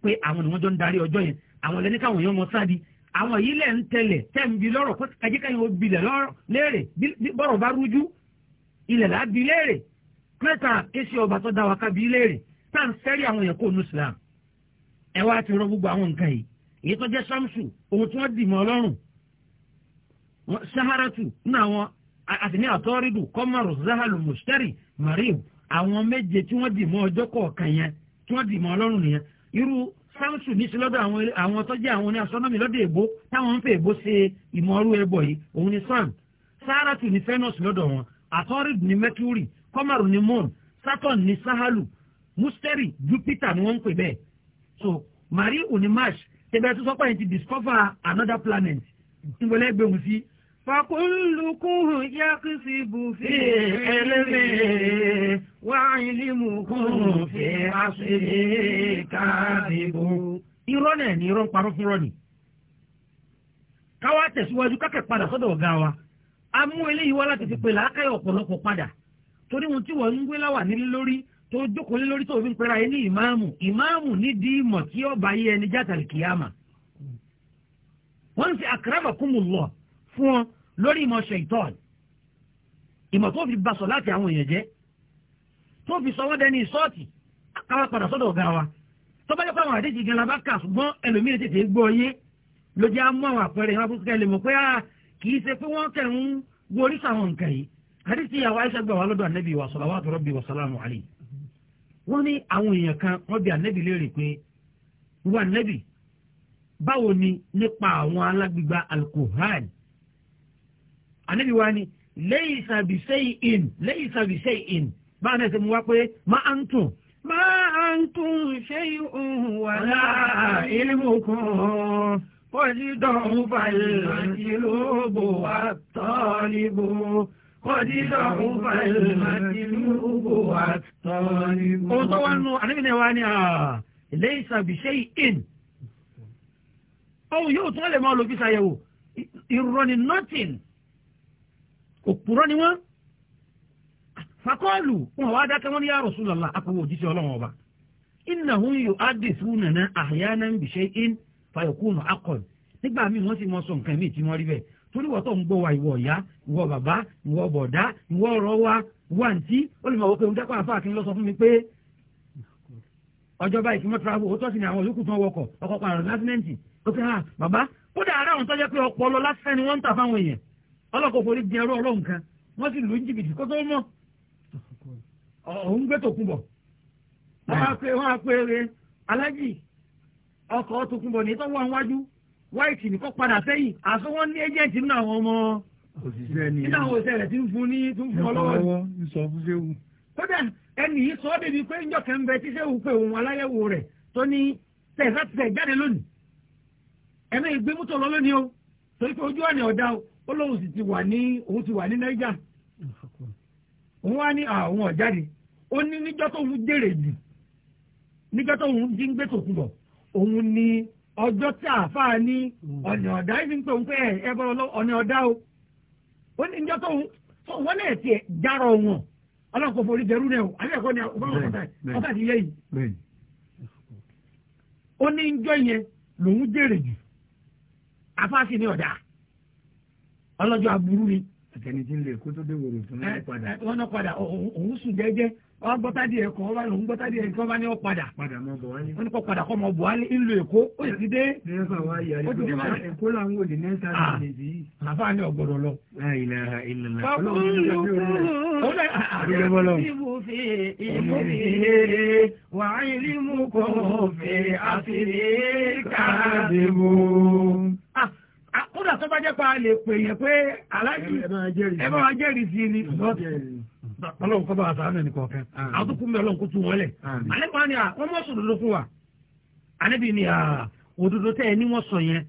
pé àwọn ni wọ́n jọ ń darí ọjọ́ yẹn àwọn lẹ́ni káwọn èèyàn mọ sáàdì àwọn yìí lẹ́ ń tẹlẹ̀ tẹ́ ń bi lọ́rọ̀ kọ́sìkájí káyọ̀ bilẹ̀ lọ́rọ̀ léèrè bọ́rọ̀ bá rújú ilẹ̀ a á bi léèrè mẹ́ta kéṣe ọba tó dá wa ká bi léèrè tá à ń sẹ́rí àwọn èèyàn kó nu islam ẹ wá ti rọ samsu ohun tí wọ́n dì saharatu ní àwọn àtìní àtọ́rídù kọ́mọ̀rù zahalu mùsítẹ́rì mariam àwọn méje tí wọ́n dì mọ́ ọjọ́ kọ̀ọ̀kan yẹn tí wọ́n dì mọ́ ọlọ́run nìyẹn irú ní sí lọ́dọ̀ àwọn tó jẹ́ àwọn lọ́dọ̀ èbó táwọn ń saharatu ní fẹ́nọ̀sì lọ́dọ̀ àtọ́rìb ní mercury kọ́mọ̀rù ní moon saturn ní sahalu musteri jupiter ni wọ́n ń pè bẹ́ẹ̀ so marie ò ní march tẹ̀bẹ̀ tó sọ́pọ̀ yẹn ti discover another planet ìwọlé ẹgbẹ́ òun sí. فكلكم يكسب في علمه وعلمكم في عصره كاذب irọ́ náà ni irọ́ ń parọ́ fún rọ́ ni tẹ̀síwájú kákẹ́ padà sọ́dọ̀ ọ̀gá wa a mú eléyìí wá láti fi pè láákàyọ̀ ọ̀pọ̀lọpọ̀ padà torí wọn tí wọ́n ń gbé láwà nílé lórí tó jókòó lé lórí tó fi ń pera ẹni ìmáàmù ìmáàmù nídìí ìmọ̀ tí ọba yé ẹni játàlì kìyàmà wọ́n ń ṣe akramakumullah fún ọ lórí ìmọ̀ ṣèitọ́ọ̀lù ìmọ̀ tó fi basọ̀ láti àwọn èèyàn jẹ́ tó fi sọ wọ́n dẹni sọ́ọ̀tì káwá padà sọ́dọ̀ ọ̀gá wa tó bá yẹ fáwọn àdéjì gan labá ṣùgbọ́n ẹlòmíràn tètè gbọ́ yé ló àmú àwọn àpẹẹrẹ ìhàn abúlé kì í ṣe pé wọ́n kẹ̀ ń gorí sàwọn nǹkan yìí àdìsí ìyàwó Aisha gbà wá lọ́dọ̀ ànẹ́bí wa salawatu rabbi wa salamu alayhi wọ́n ní àwọn èèyàn kan wọ́n bi ànẹ́bí léèrè pé wọ́n ànẹ́bí báwo ni nípa àwọn alágbègbè alkohol ànẹ́bí wa ni laysa bisay'in laysa bisay'in báwọn ẹ̀sẹ̀ mu wá pé ma antum ma antum shay'un wala ilmukum. قد فالمطلوب والطالب Ohun tó wá nù àníbìnrin wa ni laysa bi shay'in. Ohun yóò tún lè máa lò bí ṣàyẹ̀wò. Irọ́ ni nothing. Òpùrọ́ ni wọ́n. Fakọ́ọ̀lù wọn wá dákẹ́ wọn ní ya Rasulullah àpòwò òjíṣẹ́ ọlọ́wọ́n ọba. Innahum yuhaddithunana ahyanan bi shay'in. fàyọkùnù akọ nígbà míì wọ́n sì mọ sọ nǹkan míì tí wọ́n rí bẹ́ẹ̀ torí wọ́n tó ń gbọ́ wa ìwọ ìyá ìwọ bàbá ìwọ bọ̀dá ìwọ ọ̀rọ̀ ìwọ àǹtí ó lè pé ń sọ fún mi pé travel ó tọ́sí ni àwọn olùkù ó fi hàn ah, bàbá ara àwọn pé ọpọlọ ni ń tà fáwọn èèyàn forí di ẹrú kan ọkọ̀ Tòkunbọ̀ ní tọ́wọ́ wájú wáìtì nìkan padà sẹ́yìn àti wọ́n ní ẹ́jẹ̀ǹtì nínú àwọn ọmọ òṣìṣẹ́ ni nínú àwọn òṣìṣẹ́ rẹ̀ ti ń fún ní tó ń fún ọlọ́wọ́ ń sọ fún séwu. kódà ẹnì yìí sọ débi pé ńjọ kẹ́ńbẹ tí séwu pé òun aláyẹ̀wò rẹ̀ tó ní tẹ̀sátẹ̀ jáde lónìí ẹ̀mí ìgbé mọ́tò lọ lónìí o torí pé ojú ọ̀nà ọ̀dà ó lóun sì ti wà ní òun ti wà ní Nàìjíríà òun wá ní àwọn ọ̀jáde ó ní níjọ́ tóun jèrè jù níjọ́ tóun jí ń gbé Tòkunbọ̀ òun ni ọjọ́ tí àáfàá ní hmm. ọ̀nà ọ̀dá yìí ń pè ń pé ẹ bọ́ ọ̀dá o ó ní tó wọ́n tiẹ̀ járọ̀ wọn ọlọ́kọ̀ o ẹ̀kọ́ ni ọba ti yẹ yìí ó ní yẹn jèrè jù àáfàá sì ní ọlọ́jọ́ aburú ni. dé wòrò tó náà padà. wọn náà wọn gbọ́tàdì ẹ̀kọ́ wọn bá lòun gbọ́tàdì ẹ̀kọ́ wọn bá ní ọ padà. padà mọ bọ̀ wálé. wọn ní kọ padà kọ mọ bọ̀ wálé ńlò èkó ó yẹ ti dé. nẹ́ẹ̀fà wa yà á lọ bá èkó là ń wò ah, ní nẹ́ẹ̀fà ní ìdí. àfa ni ọgbọdọ lọ. ilà ilà ilà. ọlọ́run ìlú fi ìlú fi wà ìlímù kò fi àfìríkà dìbò kódà tó bá jẹ́ pa lè pè yẹn pé aláàjì ẹ bá wa jẹ́rìí sí ni ọlọ́run kọ́ bá wa sàánù ẹnìkan kan àwọn tó kú mi ọlọ́run kó tu wọn lẹ̀ àlẹ́kùn wa ni wọ́n mọ̀ sọ òdodo fún wa àlẹ́bí ni òdodo tẹ́ ẹ ní wọ́n sọ yẹn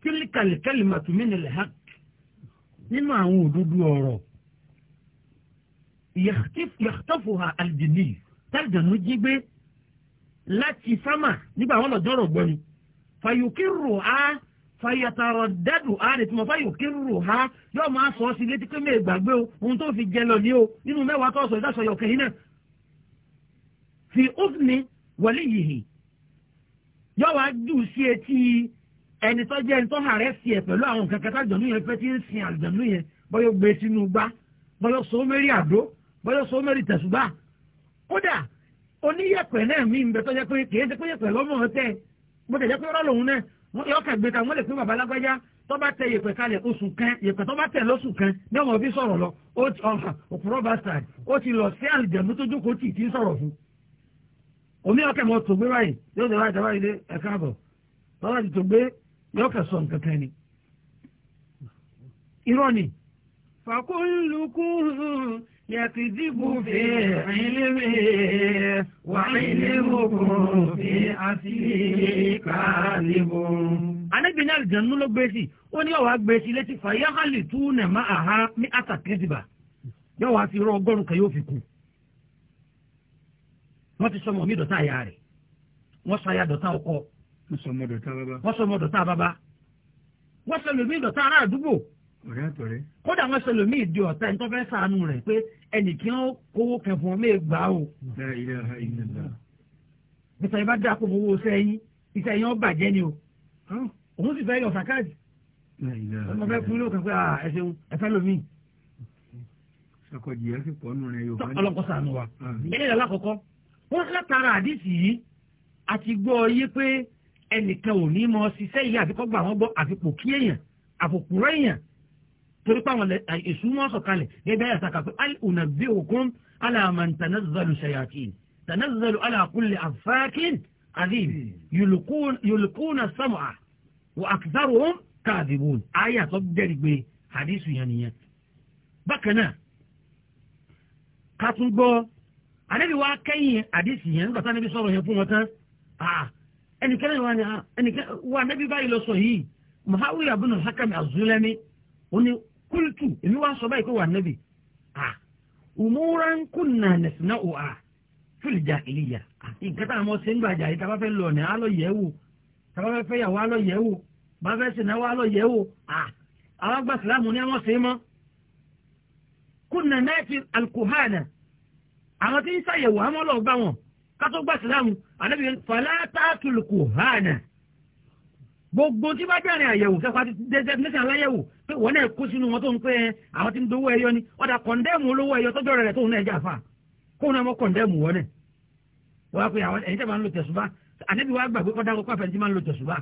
kílíkàlì kalimatu minil haqq nínú àwọn òdodo ọ̀rọ̀ yàtọ̀fù ha aljìnnì tàdánù jí láti sámà nígbà wọn lọ jọrọ gbọ fàyòkè rò á fàyàtàrọ̀ dẹ́dù ààrẹ tí mo fẹ́ yòókè rúrò ha yóò máa sọ ọ́ sí létí pé mèé gbàgbé o ohun tó fi jẹ lọ ní o nínú mẹ́wàá tó sọ ìdásọ yọ̀kẹ́ yìí náà fi ufni wọlé yìí yóò wá jù sí etí ẹni tó jẹ́ ẹni tó hà rẹ̀ sí ẹ̀ pẹ̀lú àwọn nǹkan kẹta àjọ̀nú yẹn fẹ́ tí ń sin àjọ̀nú yẹn bọ́yọ̀ gbé sínú gbá bọ́yọ̀ sọ mẹ́rì àdó bọ́yọ̀ sọ mẹ́rì tẹ̀sùbá kódà oníyẹ̀pẹ̀ náà mí ń bẹ tó jẹ́ pé kì í ṣe pé yẹ̀pẹ̀ lọ́mọ tẹ́ bó tẹ̀ pé rọ́ lòun náà yọkẹ̀ gbé kan wọ́n lè pín bàbá lágbájá tó bá tẹ yèpẹ̀ kalẹ̀ oṣù kan yèpẹ̀ tó bá tẹ lóṣù kan ní ọmọ lọ ó ti ọ̀hàn òpùrọ̀ bastard ó ti lọ sí àlùjẹ̀mú tó jókòó tì tí ń fún. omi mọ tó báyìí yóò ni. irọ́ ni. يكذب في علمه وعلمكم في أصله كاذب Ànábì ní àlìjànú ló gbé sí ó ní ọ̀wá gbé sí létí fàyáhálì tú nà má àhá ní àtàkẹ́sìbà yóò wá fi rọ ọgọ́rùn kan yóò fi kù. wọ́n ti sọmọ mi dọ̀tá àyà rẹ̀ wọ́n sọ àyà dọ̀tá ọkọ. wọ́n sọmọ dọ̀tá ọ̀rẹ́ àtọ̀rẹ́. kódà wọn sọ lómi ìdí ọ̀tá ẹni tó fẹ́ sànù rẹ̀ pé ẹnì kí wọ́n kówó kẹfọ́n mẹ́ gbà o. bẹ́sà ìbá dà kó fowó sẹ́yìn iṣẹ́ yẹn ó bàjẹ́ ni o. òun sì fẹ́ yọ sàkáàdì. ọmọ fẹ́ kú lóòkàn pé ẹ ṣeun ẹ fẹ́ lómi. sọkọjì yẹn sì pọ̀ nù rẹ̀ Yorùbá. ọlọ́kọ sànù wa. eléyìí alákọ̀ọ́kọ́ wọ́n látara àdìsí yìí àti gbọ́ yé pé ẹnìkan ò ní mọ ṣiṣẹ́ yìí àfikọ́ gbà wọ́n gbọ́ àfipò kí èèyàn àfòkúrọ́ èèyàn torí pé àwọn ìsúnmọ́ sọ̀kalẹ̀ gẹ́gẹ́ ẹ̀ sàkà pé alùnà bí òkun alàmàn tànàzàlù ṣayatin tànàzàlù alàkùnlé àfáàkín azim yulukuna sam'a wa aktharuhum kadhibun ayé àtọ́ dẹ́rì pé hadisu yẹn nìyẹn. bákan náà ká tún gbọ́ àdébí wa kẹ́yìn hadisu yẹn nígbà tá níbi sọ̀rọ̀ yẹn fún wọn tán ẹnikẹ́ni wa ni ẹnikẹ́ni wa kúlùtù èmi wá sọ báyìí pé wà nẹ́bì à umuran kunna nẹ̀sìnà ò à fìlì jà ìlì yà nǹkan tá a mọ̀ ṣe ń gbàjà yìí tábà fẹ́ lọ ọ̀nà alọ́ yẹ̀ wò tábà fẹ́ fẹ́yàwó alọ́ yẹ̀ wò bá fẹ́ sìnàwó alọ́ yẹ̀ àwọn gba sìlámù ni àwọn ṣe mọ́ kunna nẹ́ẹ̀tì alkuhana àwọn tí ń ṣàyẹ̀wò àmọ́ lọ́ọ̀ wọn kátó gba sìlámù ànábìyẹn fàlátàtùlùkùhánà gbogbo tí bá jẹ́rìn àyẹ̀wò kẹfà ti designation aláyẹ̀wò pé wọ́n náà kó sínú wọn tó ń pé àwọn ti ń dowó ẹyọ ni ọ̀dà kọ̀ndẹ́mù olówó ẹyọ tọ́jú ọ̀rẹ́ rẹ̀ tóun náà jàfa kóun náà mọ́ kọ̀ndẹ́mù wọn náà wọ́n á pè àwọn ẹ̀yìn tẹ́ máa ń lo tẹ̀sùbá ànábì wa gbàgbé kọ́ dáko pàfẹ́ tí máa ń lo tẹ̀sùbá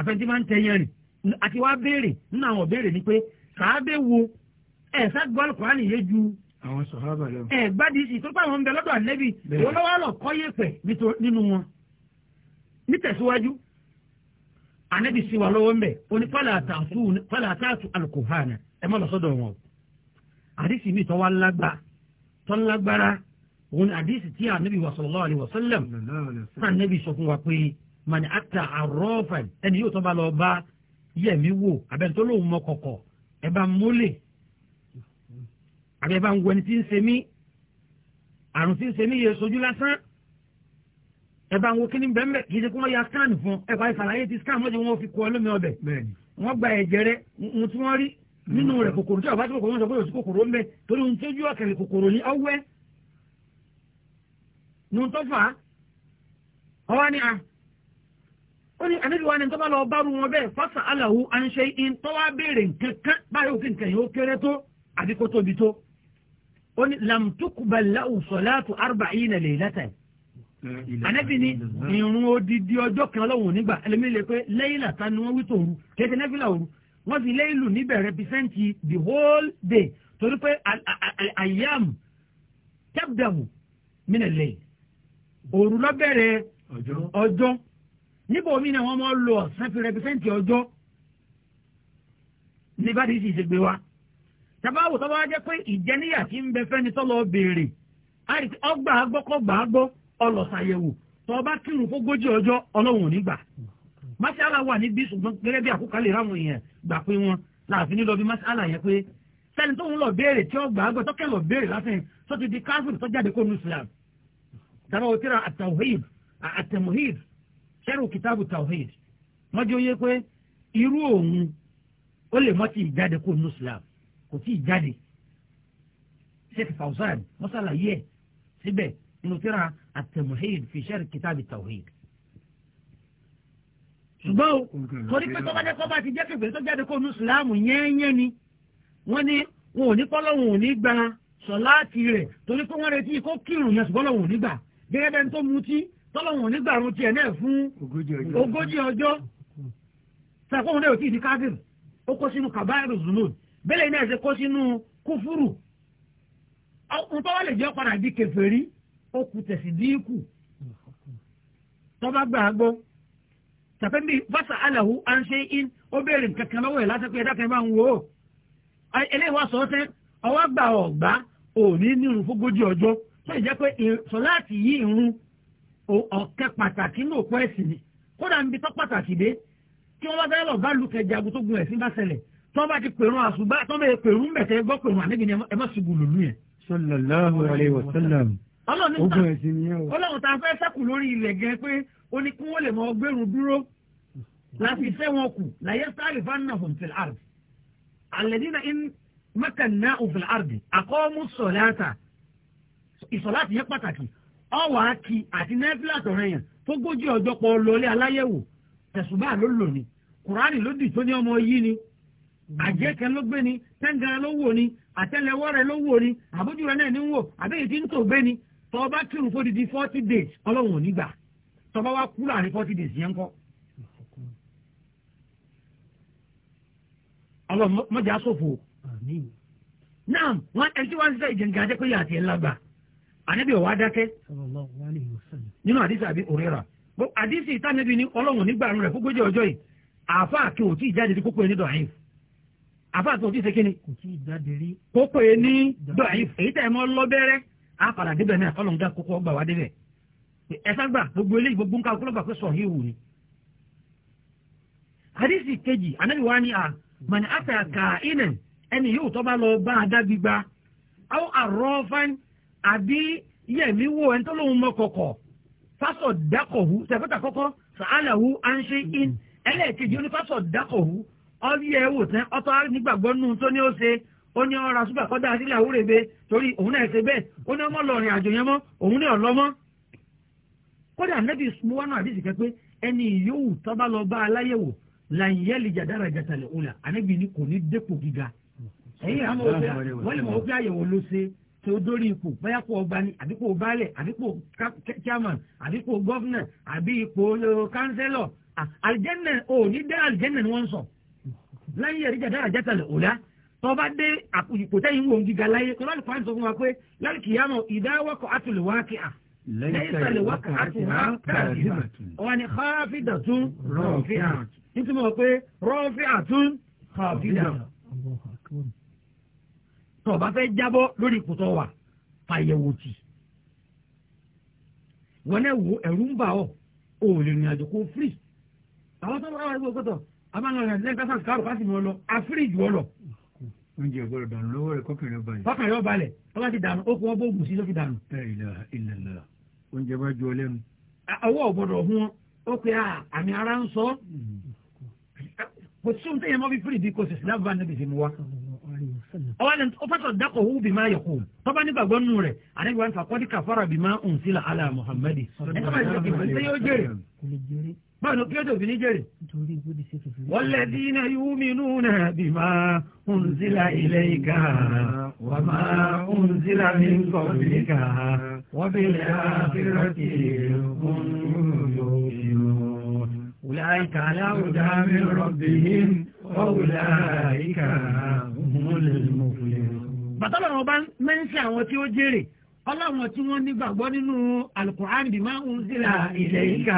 àfẹ́ tí máa ń tẹ yẹn rìn àti wá béèrè nínú àwọn béèrè ni pé sàábé wo ẹ̀ sàgbọ́n kọ́ra nìyẹn ju àwọn sàhábà lọ ẹ̀ gbádìí sí tó pàwọn ń bẹ lọ́dọ̀ ànábì ìwọ́n lọ́wọ́ lọ nítẹ̀síwájú anabi sì wà lọ́wọ́ mbẹ́ oní fàlàtàtù alukuhana ẹ má lọ sọ́dọ̀ wọn. àdìsí mi tọ́wọ́ ńlágbá tọ́ ńlágbára òun àdìsí tí anabi wa sallallahu alaihi wasallam anabi sọ fún wa pé mani ata arọ́fàn ẹni yóò tọ́ bá lọ bá yẹ̀mí wò abẹ́ntọ́ lòun mọ kọ̀kọ̀ ẹ bá mólè àbẹ́ bá ń wẹni tí ń ṣe mí àrùn tí ń ṣe mí yẹ sojú lásán ẹ̀bá àwọn kíní bẹ́ẹ̀ kì í ṣe kí wọ́n ya scan fún ẹ̀bá ìsàlàyé ti scan mọ́jọ wọn fi kọ́ lómi ọbẹ̀ wọ́n gba ẹ̀jẹ̀ rẹ ohun tí wọ́n rí nínú mm. rẹ̀ kòkòrò tí ọ̀bá tí kòkòrò sọ pé òsì kòkòrò ń bẹ torí ohun tójú ọ̀kẹ̀lẹ̀ kòkòrò ní ọwẹ́ ní ohun tó fà á ọwọ́ ni a ah. ó ní àníbi wa ni tó bá lọ bá ru wọn bẹ́ẹ̀ fásitì aláwo à ń ṣe in tó wá béèrè nǹkan báyìí òfin nǹkan ó kéré tó àbí kó tóbi tó ó ní làmùtúkùbà láwùsọ̀ láàtú àrùbà yìí nà lè látàyè anabi ni irun odidi ọjọ́ kan ọlọ́run nígbà ẹlẹ́mi lè pé lẹ́yìnlá ta ni wọ́n wí tòru kéde nẹ́fìlà òru wọ́n fi lẹ́yìnlù níbẹ̀ rẹpísẹ́ǹtì the whole day torí pé àyàm tẹ́bdàmù mínàlẹ́ òru lọ́bẹ̀rẹ̀ ọjọ́ níbo mi náà wọ́n mọ́ lọ ọ̀sán fi rẹpísẹ́ǹtì ọjọ́ ní bá ti ṣègbè wa tabawo tọ́wọ́ á jẹ́ pé ìjẹniyà ti ń bẹ fẹ́ni tọ́lọ́ béèrè ọgbà agbọ́kọ̀ gbà á gbọ́ ọlọ́sàyẹ̀wò tó bá kírun fógójì ọjọ́ ọlọ́run ò ní gbà masala wà níbí ṣùgbọ́n gẹ́gẹ́ bí àkókalẹ̀ ráwọn èèyàn gbà pé wọn láàfin nílọ bí masala yẹn pé sẹ́ni tó ń lọ béèrè tí ó gbàgbọ́ tọ́kẹ́ lọ béèrè lásán tó ti di káfíìn tó jáde kó nu islam tàbí o tíra àtàwhid àtẹmuhid sẹ́rù kìtàbù tàwhid wọ́n jẹ́ oyé pé irú òun ó lè mọ́ ti ìjáde kó nu islam kò tí ì jáde sheikh fawzan masala yẹ síbẹ̀ inú tíra التمهيد في شرح كتاب التوحيد ṣùgbọ́n o torí pé tọ́ba jẹ́ kọ́ba ti jẹ́ kékeré tó jáde kó nu ìsìláàmù yẹ́nyẹ́ ni wọ́n ní wọn ò ní kọ́ lọ́wọ́ ò ní gba sọ̀láàtì rẹ̀ torí pé wọ́n retí kó kírun yẹn ṣùgbọ́n lọ́wọ́ ò ní gbà gẹ́gẹ́ bẹ́ẹ̀ tó mutí tọ́lọ́wọ́ ò ní gbà run tiẹ̀ náà fún ogójì ọjọ́ sàkóhun náà ò tí ì ó kó sínú kàbáyìrì zunun bẹ́ẹ̀ náà ṣe kó sínú kúfúrù ọkùnrin tó lè jẹ́ padà di kèfèrí ó kù tẹ̀sí dínkù tọ́ba gbà á gbọ́ tàbí fásitì alahu anṣe in ó béèrè kankan lọ́wọ́ ẹ̀ lásìkò ẹ̀dá kan máa ń wò ó eléyìí wá sọ ọ́ sẹ́ ọwọ́ gbà ọ̀gbá òní nírun fógójì ọjọ́ tó ìjẹ́ pé sọláàtì yí ìrun ọ̀kẹ́ pàtàkì ní òpó ẹ̀sìn ni kódà níbi tó pàtàkì dé tí wọ́n bá dáná lọ bá lu kẹjàgùn tó gun ẹ̀sìn bá ṣẹlẹ̀ tí wọ́n bá ti pèrún àṣùgbà tí wọ́n bẹ pèrún mẹ̀tẹ́ gbọ́ pẹ̀rún àníbi ni ẹ má ṣubú lòlú yẹn. sallallahu alayhi wa sallam ọlọ́run tá a fẹ́ sẹ́kù lórí ilẹ̀ gẹ́ pé ó ní kí wọ́n lè mọ ọgbẹ́rún dúró láti fẹ́ wọn kù láyé sáré fánà fòmfìl àrùn àlẹ́dínà in mẹ́kànnà òfìl àrùn àkọ́mú sọ̀láta ìsọ̀láta yẹn pàtàkì ọwọ́ àkì àti nẹ́fìlà tọ̀rọ̀ yẹn tó ọjọ́ pọ̀ lọlé aláyẹ̀wò tẹ̀sùbá ló lò ní kùránì ló dì tó ní ọmọ yìí ni àjẹkẹ ló gbé ni tẹ́ngàn ló wò ni àtẹ́lẹwọ́ rẹ ló wò ni àbójú rẹ náà ní wò àbẹ́yẹ tí ń tò gbé ni tọ́ bá kírun fún odidi forty days ọlọ́run ò ní gbà tọ́ bá wá kú láàrin forty days yẹn ń kọ́. ọlọ́run mọ̀jà sọ̀fọ̀ náà wọn ẹni tí wọ́n ń sẹ́ ìjẹ̀ǹgà jẹ́ pé yàtì ẹ̀ lágbà ànábì ọ̀wá dákẹ́ nínú àdìsí àbí òrera àdìsí ìtànẹ́bí ni ọlọ́run nígbà rẹ̀ fúgbójì ọjọ́ yìí àáfàá kí òtí ìjáde kókó ẹni dọ̀hìn àáfàá kí òtí ìsèkíni kókó ẹni dọ̀hìn èyí tẹ̀ mọ́ lọ́bẹ̀rẹ̀ á padà débẹ̀ náà kọ́lọ̀ ń dá kókó ọgbà wá débẹ̀ gbogbo eléyìí gbogbo nǹkan kúlọ̀gbà pé sọ̀ híhù ni. àdìsí kejì ànábì wa ni à mọ̀nì àtà kà ẹni yóò tọ́ bá lọ bá adá gbígba àwọn àrọ́ àbí yẹ̀mí wo ẹni tó lóun mọ kọ̀kọ̀ fásọ̀ dákọ̀hu kọ́kọ́ in ẹlẹ́ẹ̀kejì dákọ̀hu ọ ó ní ọ̀rọ̀ àṣùgbà kọ́dá sílẹ̀ àwúrèbe torí òun náà ṣe bẹ́ẹ̀ ó ní ọmọ lọ rìn àjò yẹn mọ́ òun ní ọ̀lọ́mọ́ kódà nẹ́bí mo wá náà àdìsí kẹ́ pé ẹni ìyóhù tọ́ba lọ bá aláyẹ̀wò làyẹ̀lì jàdára jàtàlẹ̀ òun là ànábì ni kò ní dépò gíga ẹ̀yìn àmọ́ wọ́n lè mọ̀ ni àbí kó chairman àbí kó gọ́fúnà àbí ipò kánsẹ́lọ̀ àlìjẹ́nà ò ní dé àlìjẹ́nà ni wọ́n ń sọ láyẹ̀lì jàdára jàtàlẹ̀ òun là tó bá dé àpòjùpò tẹ́yìn wò ń giga láyé tó lálùkọ́ àti fún wa pé lálùkì yá mọ̀ ìdáwọ́kọ̀ àtúlùwákì à lẹ́yìn ìsàlẹ̀wákọ̀ àtúwá kàdìbà wọn ni xaafidà tún rọ̀ọ̀fì à nítorí wọn pé rọ̀ọ̀fì à tún xaafidà. tó bá fẹ́ jábọ́ lórí ìkùtọ̀ wa fàyẹ̀wò tì wọn náà wo ẹ̀rú ń bà ọ́ ò lè rìn àjò kó firi àwọn tó ń bá wà ní gbogbo tó àbáńgá rẹ̀ lẹ́ka sàkárò kásìmọ́ lọ àfírí jù lọ oúnjẹ ọgbọdọ dànù lọ́wọ́ rẹ kọkànlẹ balẹ̀. kọkànlẹ balẹ̀ ọba ti dànù ó kó wọn bóògùn sí ló fi dànù. ẹ ìlà ìlàlà oúnjẹ bá jọ lẹ́nu. ọwọ́ ọ̀gbọ́dọ̀ fún wọn ó pe àmì ara ń sọ kò sí ohun tẹ́yẹ̀ mọ́ bí fúlì bí kò sì sílá van níbi ìsinmi wa. ọwọ́ ni ó fẹ́sọ̀ dákọ̀ owó bí máa yẹ̀kọ́ tọ́ba nígbàgbọ́ nù rẹ̀ àníwá ń fà kọ́dí kàfàrà bí máa ń sílà alá Muhammad ẹ̀ báwo ló kílódé òfin ní jèrè. walladhina yu'minuna bima unzila ilayka wa ma unzila min qablika wa bil akhirati hum yuqinun. ulaika ala hudan min rabbihim wa ulaika humul muflihun. bàtà lọ́wọ́ bá mẹ́ńsì àwọn tí ó jèrè ọlọ́run tí wọ́n nígbàgbọ́ nínú alukur'an bí máa ń sílẹ̀ ilẹ̀ ìka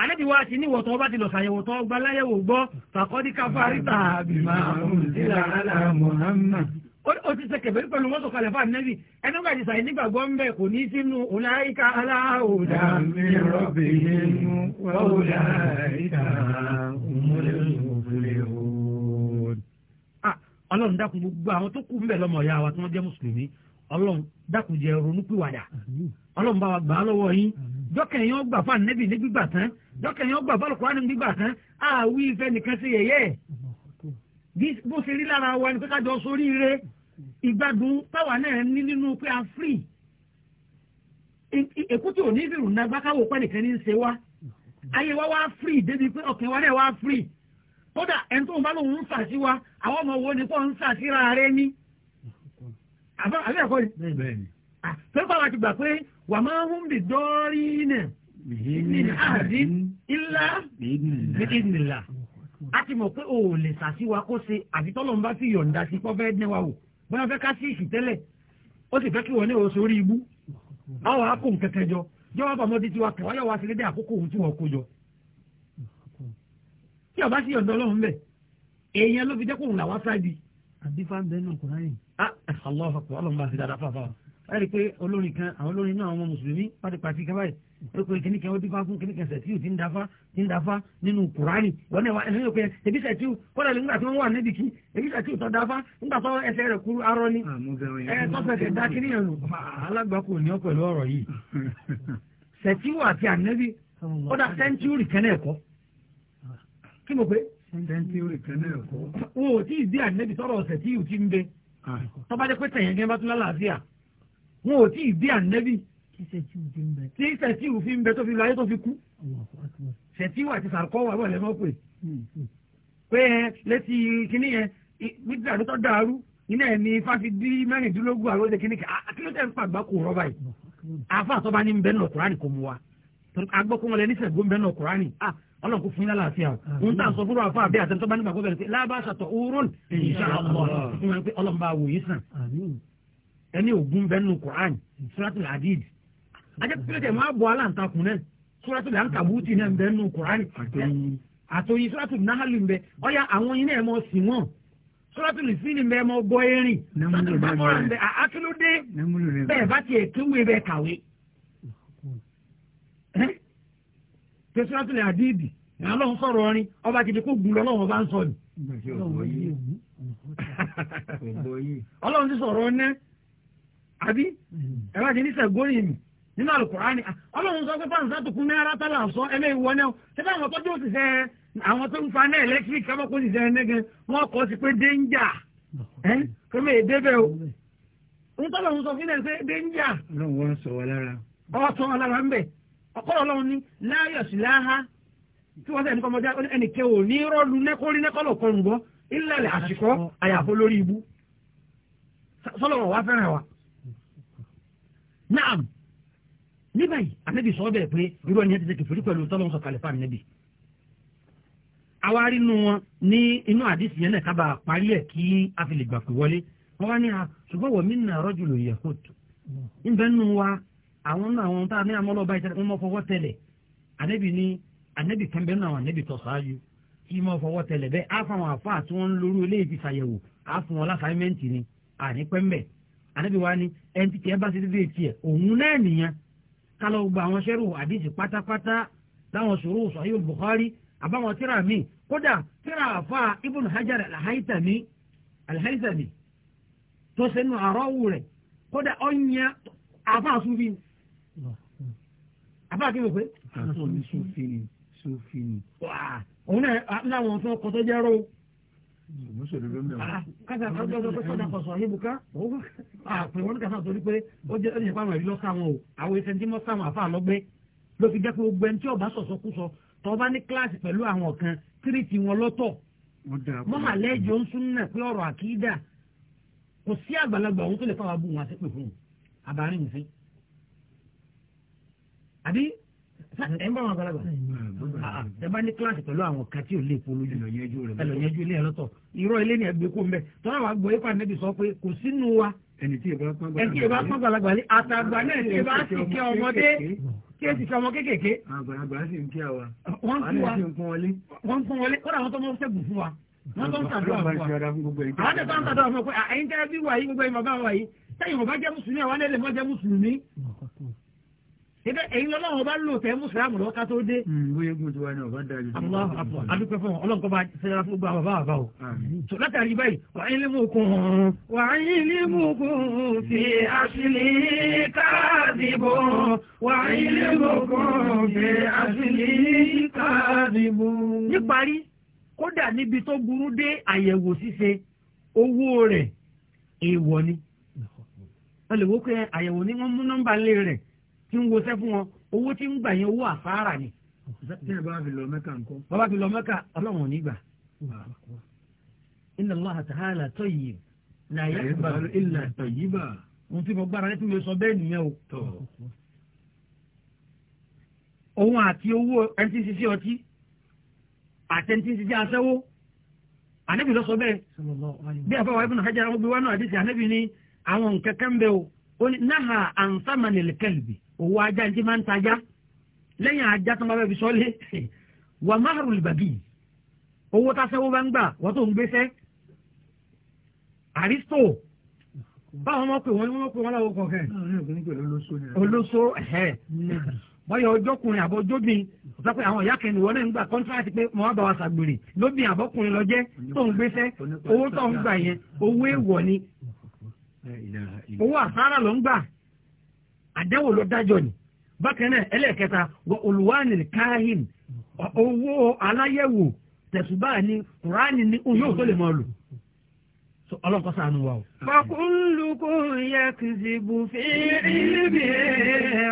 alẹ́bí wa ti ní wọ̀tọ́ bá ti lọ ṣàyẹ̀wò tó gba láyẹ̀wò gbọ́ fàkọ́dí káfárítà bí máa ń sílẹ̀ ala Muhammad. ó ti ṣe kẹfẹ́ pẹ̀lú wọ́n sọ̀kalẹ̀ fún ànẹ́bí ẹni wọ́n ti nígbàgbọ́ ń bẹ̀ kò ní sínú ọ̀làyíká aláhùdà mírọ̀bìnrin ọ̀làyíká ọlọ́run dákun gbogbo àwọn tó kù ń bẹ̀ lọ́mọ ìyá wa tí wọ́n jẹ́ mùsùlùmí ọlọ́run dákùnjẹ ronúpìwàdà ọlọ́run bá wa gbà á lọ́wọ́ yín jọ́kẹ́ yẹn ó gbà fún ní gbígbà tán jọ́kẹ́ yẹn ó gbà fún ní gbígbà tán àwí nìkan bí bó ṣe rí lára wa ni pé ìgbádùn táwa náà ní nínú pé a firi èkó tí ò ní ṣe wá ayé wa wá firi débi pé ọkàn wa náà wá kódà ẹni tó ń bá lóun ń fà ni kò ń fà àbá àbí ẹ̀kọ́ yìí. pẹ̀lú pàwọn àti gbà pé wà máa ń bí dọ́rí nẹ̀ ní àdí ńlá bíkínìlá a ti mọ̀ pé o ò lè sàṣìwà kó ṣe àti tọ́lọ́run bá fi yọ̀ǹda sí pọ́ fẹ́ẹ́ dẹ́wà wò bóyá fẹ́ ká sí ìsì tẹ́lẹ̀ ó sì fẹ́ kí wọ́n ní oṣù orí ibú àwọn akó nkẹkẹ jọ jọwọ́ pàmò títí wa kẹwàá yọ̀wá sí lédè àkókò ohun tí wọ́n kó jọ tí ọba sí yọ̀ǹda ọlọ́run bẹ̀ èèyàn ló fi jẹ́ kóhun làwọn sáà di àdífà ń bẹ nínú kùráyìn. Ah, aláwọ̀ fàkùn ọlọ́run bá fi dáadáa fáfá wa. ẹ rí i pé olórin kan àwọn olórin náà àwọn mùsùlùmí pàdé pàtì kan báyìí ó pe kìnnìkan ó dífá fún kìnnìkan sẹ̀tíù ti ń dáfá ti ń dáfá nínú kùráyìn. wọ́n ní ẹni yóò pe ebi sẹ̀tíù kọ́lá ní nígbà tí wọ́n wà níbi kí ebi sẹ̀tíù tó dáfá nígbà tó ẹsẹ̀ rẹ̀ kúrú arọ ni. Ah, ẹ tọ́sẹ̀tẹ̀ dá kiri yẹn nù. Ah, alágbàkú ni ọ pẹ̀lú ọ̀rọ̀ yìí. sẹ̀tíù àti ànẹ́bí ó dá sẹ́ńtúrì kẹ́nẹ́ẹ̀kọ́ kí mo pe sẹ́ńtúrì kan náà kọ́. wọn ò tí ì dé ànẹ́bí sọ̀rọ̀ ọ̀sẹ̀ tí ìhùtí ń bẹ tọ́ba jẹ́ pé tẹ̀yìn gẹ́gẹ́ bá tún lálàáfíà wọn ò tí ì dé ànẹ́bí tí ìṣẹ̀tì ìhùtí ń bẹ tó fi láyé tó fi kú ṣẹ̀tì wà ti sàrkọ́ wà wà lẹ́mọ́ pé hmm, hmm. pé ẹ létí kinní yẹn nígbà tó dàrú iná ẹ̀ ní fásidí mẹ́rìndínlógún àwọn ọdẹ kinní kí ló tẹ̀ ń pàgbákò rọ́bà yìí àáfàá tọ́ba ní ń bẹ́ẹ̀ nù ọ̀kùnrin kò mú wa agbọ́ kó wọn lẹ nífẹ̀ẹ́ gómìnà náà kúránì ah ọlọ́run kò fún yín lálàáfíà o ń tà sọ fún wa fún abẹ́ àtẹnudọ́ bá nígbà kó bẹ̀rẹ̀ sí lábàṣà tọ̀ òórùn ọlọ́run bá wòye sàn ẹni ògùn bẹ́ẹ̀ nù kúránì suratul hadid ajẹ́pẹ́lẹ́tẹ̀ máa bọ̀ aláǹtakùn náà suratul ankabuti náà bẹ́ẹ̀ nù kúránì àtòyí suratul nahali bẹ́ẹ̀ ọ̀yà àwọn yín náà mọ̀ sí wọn suratul fílì bẹ́ẹ̀ mọ̀ gbọ́ erin suratul bàmọ́ra bẹ́ẹ̀ àkílódé bẹ́ẹ̀ bá tiẹ̀ kéwé bẹ́ẹ̀ kàwé tẹsíwájú àdìbì ní alọ́hún sọ̀rọ̀ ọrin ọba kìdí kó gùn lọ́wọ́ bá ń sọ ni. ọlọ́run ti sọ̀rọ̀ ọ̀nẹ́ àbí ẹ̀rọ àti nísẹ̀gbóyè mi nínú alukurani ọlọ́run sọ pé pàǹsá tó kún là ń sọ ẹ̀mẹ́ ìwọ náà ṣẹ́fẹ́ àwọn tó ti sẹ́ àwọn tó ń fa náà kó ti sẹ́ wọ́n kọ́ sí pé dénjà o ń sọ fún pé dénjà. ọ̀pọ̀lọ̀ ọlọ́run ní láyọ̀ sí láhá tí wọ́n sẹ́yìn kọ́mọdé ẹnìkẹ́ ò ní rọ́ọ̀lù nẹ́kọ́rí nẹ́kọ́lọ̀ kan gbọ́ ilẹ̀ àsìkọ́ àyàfó lórí ibú sọlọ́wọ́ wa fẹ́ràn wa. naam a fi ah, a àwọn náà àwọn tá a ní àwọn ọlọ́ba ìṣẹ̀lẹ̀ wọn mọ fọwọ́ tẹlẹ̀ ànábì ní ànábì kan bẹ́ẹ̀ náà àwọn ànábì tọ̀ ṣáájú kí mọ fọwọ́ tẹlẹ̀ bẹ́ẹ̀ á fáwọn àfáà tí wọ́n ń lórí ilé ìfi ṣàyẹ̀wò á fún wọn lásàmẹ́ǹtì ni àní pẹ́ńbẹ̀ ànábì wa ni ẹni tí tiẹ̀ bá ti dé tiẹ̀ òun náà nìyẹn kálọ̀ gba àwọn ṣẹ́rù àdìsí pátápátá kódà tíra àfáà Hajar al-Haytami al-Haytami tó sẹ́nu àrọ́wù rẹ̀ kódà àbá kí ló pé. sófin sófin. òun náà láwọn fún ọkọ tó jẹ́ ró. mùsùlùmí ló ń bẹ̀rù. kásá kan tó ń pẹ́ sọ́dà kọ̀sọ̀ ayébùká. àpè wọn kásá torí pé ó jẹ́ ẹ̀yìn pàmò ẹ̀rí lọ́sàwọn o àwọn ẹsẹ̀ tí mọ́ sàwọn àfa lọ́gbẹ́ ló fi jẹ́ pé gbogbo tí ọba sọ̀sọ́ kú sọ tó ní kíláàsì pẹ̀lú àwọn kan tírìtì wọn lọ́tọ̀ mọ́hàlẹ́ jọ ń sún náà pé ọ̀rọ̀ àkídà kò sí àgbàlagbà òun tó lè fáwọn abúwọn àti pè fún un àbárín nìfín àbí ẹ ń bá wọn gbalagbà ah, ah. ẹ bá ní kíláàsì pẹ̀lú àwọn kan tí ò lè polójú ẹlòyẹjú ilé ẹlọ́tọ̀ irọ́ ilé ni ẹgbẹ́ kó ń bẹ tọ́lá wa gbọ́ ipa nẹ́bi sọ pé kò sínú wa ẹni tí ìbá pọ́n gbalagbà lé àtàgbà náà tí ìbá sì kí ọmọdé kí èsì kí ọmọ kéékèèké. àgbàlagbà sì ń kí àwa wọ́n ń pọ́n wọlé wọ́n ń pọ́n wọlé kódà wọ́n tó mọ́ sẹ́gun fún wa wọ́n tó ń sàdúrà fún wa àwọn tó ń sàdúrà fún wa pé àyíntẹ́ ah, bí wàyí gbogbo ìmọ̀ bá wàyí sẹ́yìn ò bá jẹ́ mùsùlùmí àwọn ẹlẹ́mọ̀ jẹ́ mùsùlùmí ebe èyí lọ́lọ́wọ́ bá lò tẹ́ mùsùlùmù lọ́ka tó dé. Hmm, bóyá egun tiwa náà bá dájú. aláwọ àpò adúpẹ́ fún ọlọ́run kọ́ bá sẹ́yà fún bá bàbá o. tó látàrí báyìí wà á ilé mú kun. wà á ilé mú fi àṣìlì káàdìbò. wà á ilé mú fi àṣìlì káàdìbò. níparí kódà níbi tó burú dé àyẹ̀wò ṣíṣe owó rẹ̀ èèwọ̀ ni. wọ́n lè wó pé àyẹ̀wò ni wọ́n mú nọ́mbà lé rẹ̀ tí ń wọṣẹ́ fún wọn owó tí ń gbà yẹn owó àfárà ni. tí ẹ bá fi lọ mẹ́ka nǹkan. bàbá fi lọ mẹ́ka ọlọ́run ò ní gbà. inna Allaha ta'ala tayyib la yaqbalu illa ohun tí mo gbára létí mi sọ bẹ́ẹ̀ nìyẹn o. òun àti owó ẹni tí ń ṣiṣẹ́ ọtí àti ẹni tí ń ṣiṣẹ́ aṣẹ́wó ànábì lọ sọ bẹ́ẹ̀ bí àfọwọ́ ibùdó hajj àwọn gbé wá náà àdìsí ànábì ní àwọn nǹkan kan o ó ní náà àǹfààní bíi owó ajá ní ti máa ń tajá lẹ́yìn ajá tó máa bẹ́ẹ̀ fi sọ́lé wà máàrún ìbàbí owó tásẹ́wó bá ń gbà wọ́n tó ń gbéṣẹ́ àrísítò báwọn ọmọ pè wọ́n wọ́n pè wọ́n láwọn kọ̀ọ̀kẹ́ olóso báyọ̀ ọjọ́kùnrin àbọ̀jọ́bìn sọ pé àwọn ìyá kẹ́ni wọ́n náà ń gba kọ́ńtíráàtì pé wọ́n bá wa ṣàgbèrè lóbìn àbọ̀kùnrin lọ tó ń gbéṣẹ́ owó tó ń gbà yẹn owó èèwọ̀ ni owó àsárà ló ń gbà àdẹ́wò ló dájọ́ ni bákan náà ẹlẹ́ẹ̀kẹta wọ olùwánil káhìn owó aláyẹ̀wò tẹ̀sùbá ni kùránì ni òun yóò tó lè máa lò ọlọ́nkọ́ sànù wa o. fakulukú yẹ kìsìbù fi ìlíbi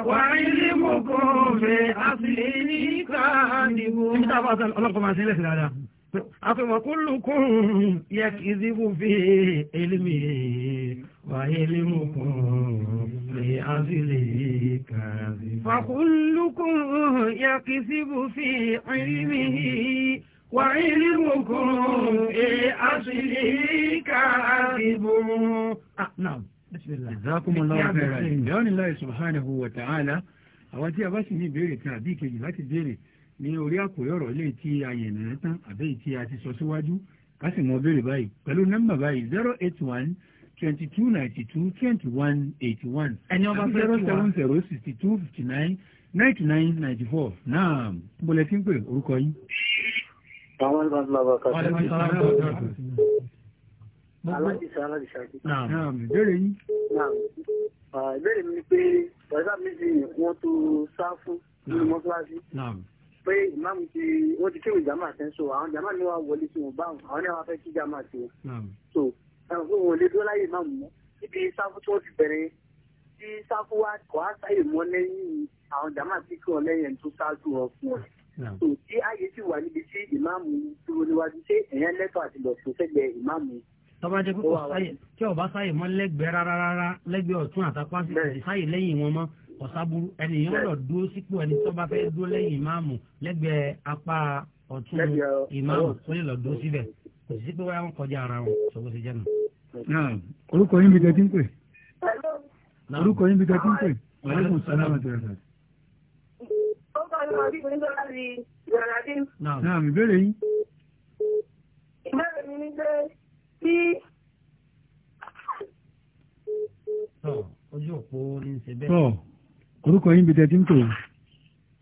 wà ìlímùkù fi àfìlì ní káàdìbò. níbi táwọn ọlọ́nkọ́ máa ń sin lẹ́sìn dáadáa afẹ́mọ̀ kó lókun yẹ kí zibu fi elimi wà elimu kun lè azìlè kàzi. fàkúlùkùn yẹ kí zibu fi elimi wà elimu kun lè azìlè kàzi bùn. Ah, naam bisimilah. jazakumullahu khairan. ìdáhùn ilayi àwọn tí a bá sì ní ìbéèrè kan àbí ìkejì láti béèrè ní orí àkórí ọ̀rọ̀ ilé tí a yàn náà tán àbẹ́ tí a ti sọ síwájú ká sì mọ béèrè báyìí pẹ̀lú nọ́mbà báyìí zero eight one twenty two ninety two twenty one eighty one ẹni ọba fẹ́ zero seven zero sixty two fifty nine ninety nine ninety four náà bọ́lẹ̀ tí ń pè orúkọ yín. àwọn ẹgbẹ́ ńlá bá kà sí. alájíṣẹ́ alájíṣẹ́ àti. náà ìbéèrè yín. náà ìbéèrè mi ni pé ọ̀sán méjì wọ́n tó sá fún nínú mọ́ṣáláṣí pé ìmáàmù ti wọ́n ti kéwì jàmáà tẹ́ so àwọn jàmáà ni wọ́n wọlé sí wọn báwọn àwọn náà wọ́n fẹ́ kí jàmáà sí wọn. so ẹ̀rọ pé wọn lè dúró láyé ìmáàmù mọ́ níbi sáfù tí wọ́n ti bẹ̀rẹ̀ tí sáfù wa kọ́ á sáyè mọ́ àwọn jàmáà tí kò lẹ́yìn ẹni tó ṣáájú wọn fún wọn. so tí ààyè sì wà níbi tí ìmáàmù dúró níwájú ṣé èèyàn lẹ́tọ̀ àti lọ sọ sẹ́gbẹ̀ ìmáàmù tọ́ba jẹ́ pé kò sáyè tí ọba sáyè mọ́ lẹ́gbẹ̀ẹ́ rárá rárá lẹ́gbẹ̀ẹ́ ọ̀tún àtàkùn àti sáyè lẹ́yìn wọn mọ́ ọ̀sáburú ẹni yìí lọ dúró sípò ẹni tó bá fẹ́ dúró lẹ́yìn ìmáàmù lẹ́gbẹ̀ẹ́ apá ọ̀tún ìmáàmù ó lè lọ dúró síbẹ̀ kò sí pé wọ́n kọjá ara wọn ṣòwò ṣe jẹ́nu. orúkọ yín bí tẹ́tí ń pè orúkọ yín bí tẹ́tí ń pè wàlẹ́kùn sálámà tẹ̀lé tẹ̀lé. ó bá mi wà bí mo ń bá rí ìrọ̀lájú. ìbéèrè mi ni pé tí ojú orúkọ yín bíi tẹ́tí ń pè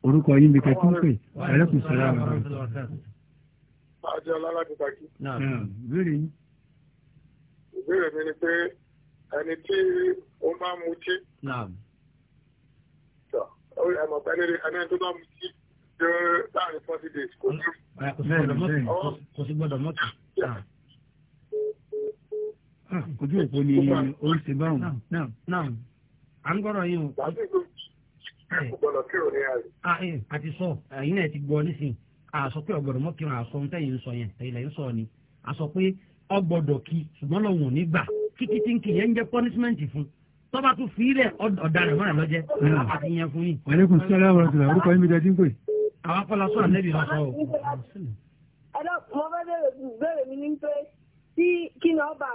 orúkọ yín bíi tẹ́tí ń pè ẹ̀rẹ́kùn sọ̀rọ̀ àwọn ọ̀rọ̀. àjọ ọlọ́lá ti takí. ìbéèrè yín. ìbéèrè mi ni pé ẹni tí ó máa ń mutí. ẹmọ pẹ́ẹ́lẹ́ ẹni tó bá mutí láàrin forty days kò ní. kò sí gbọ́dọ̀ mọ́tò ah, ojú òpó ni ó ń ṣe báwọn. à ń gbọ́dọ̀ yìí o gbọ́dọ̀ kírun ní ààrẹ. a ti sọ ẹ̀yin náà ti gbọ́ nísìnyí àsọ pé ọgbọ́dọ̀ mọ́ kírun àsọ ń tẹ̀yìn sọ yẹn ẹ̀yin lẹ́yìn sọ ni àsọ pé ọgbọ́dọ̀ kí ṣùgbọ́n lọ́wọ́n ní gbà kíkí tí ń kì yẹn ń jẹ́ punishment fún tọ́ba tún fi ilẹ̀ ọ̀daràn mọ́ra lọ́jẹ́ àti hmm. yẹn fún yìí. wàlẹ́kùn sọ́lá ọ̀rọ̀ tó lọ́wọ́ orúkọ yín mi dájú ń pè. àwọn afọlá sọ àlẹ́ bìí lọ́sọ̀ o. ọ̀dọ́ mo fẹ́ bẹ̀rẹ̀ mi ní pé kí ni ọba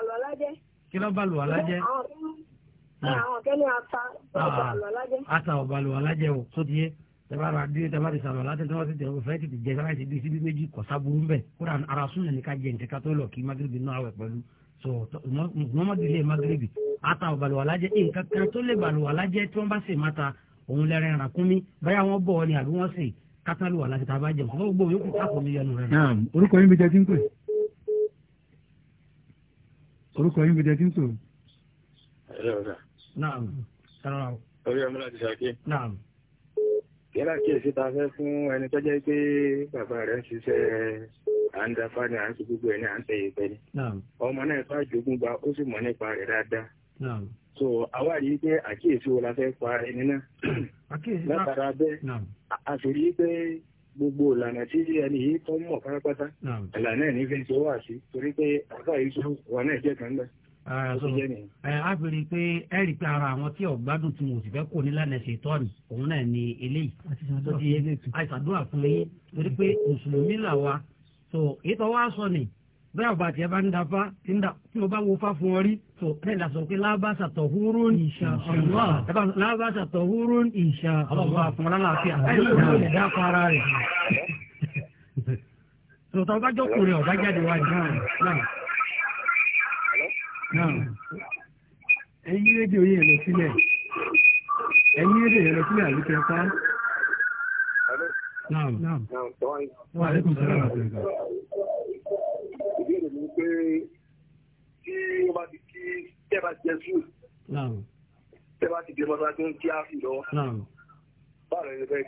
Ah. àwọn kẹ́lẹ́ ata ọba ah. àlọ́lájẹ́. ata ọba àlọ́lájẹ́ o tó ti yé tẹ́bára adúlé tẹ́bára ìsàlọ̀ láti tẹ́wọ́ sí tẹ́wọ́ fẹ́ tètè jẹ sára ìsìnkú síbi méjì kọ̀ sábúrú mbẹ́ kódà ara súnà ní ká jẹ nǹkan ká tó lọ kí magrebi náà wẹ̀ pẹ̀lú so mọ́mọ́dúlé magrebi ata ọba àlọ́lájẹ́ nǹkan kan tó lè bàlùwàlájẹ́ tí wọ́n bá sè máta òun lẹ́rìn ràkúnmí báyà wọ́n bọ̀ ni àbí wọ́n sè kátàlù wà láti tá a bá jẹun fún gbogbo yòókù káàkó mi yẹnu rẹ. orúkọ yín bí jẹ tí orúkọ yín bí jẹ tí Naam. Sọ́nà. Orí ọmọ láti ṣàkí. Naam. Yẹ́lá kíyèsí ta fẹ́ fún ẹni tó pé bàbá rẹ̀ ń ṣiṣẹ́ à ni à ń ṣe gbogbo ẹ̀ ní à ń tẹ̀yẹ̀ pẹ́ ni. Ọmọ náà fà jogún gba ó sì mọ̀ nípa rẹ̀ dáadáa. So àwa rí i pé àkíyèsí wo la fẹ́ pa ẹni náà. Àkíyèsí náà. Látara bẹ́ẹ̀, a rí i pé gbogbo ìlànà tí ẹni yìí tó mọ̀ pátápátá. Ìlànà ẹ̀ ní fi ń ṣe wá sí torí pé àbá yìí tó wà náà jẹ́ kan a bèrè pé ẹ rí i pé ara àwọn tí ọ̀gbádùn tí mo sì fẹ́ kó nílànà ṣètọ́ ni òun náà ni eléyìí tó ti àìsàdúrà fún yín torí pé mùsùlùmí là wa tó ìtọ́ wa sọ ni bẹ́ẹ̀ ọba tiẹ̀ bá ń da fa tí mo bá wo fa fún ọ rí tó bẹ́ẹ̀ la sọ pé lábàṣà tọ̀ húrú ní ìṣà ọ̀lọ́ lábàṣà tọ̀ húrú ní ìṣà ọ̀lọ́ àfọ̀nrán láàfin àbẹ́yẹ̀ ló fara rẹ̀ tòtọ́ bá ẹ̀yin rédíò yìí lọ sílẹ̀ ẹ̀yin rédíò yìí lọ sílẹ̀ àlùkẹ́ pa. ìbéèrè mi pé tí wọ́n bá ti kí tẹ́ bá jẹ sùn tẹ́ bá ti dé mọ́tò àti kí á fi lọ báwo ni ẹ fẹ́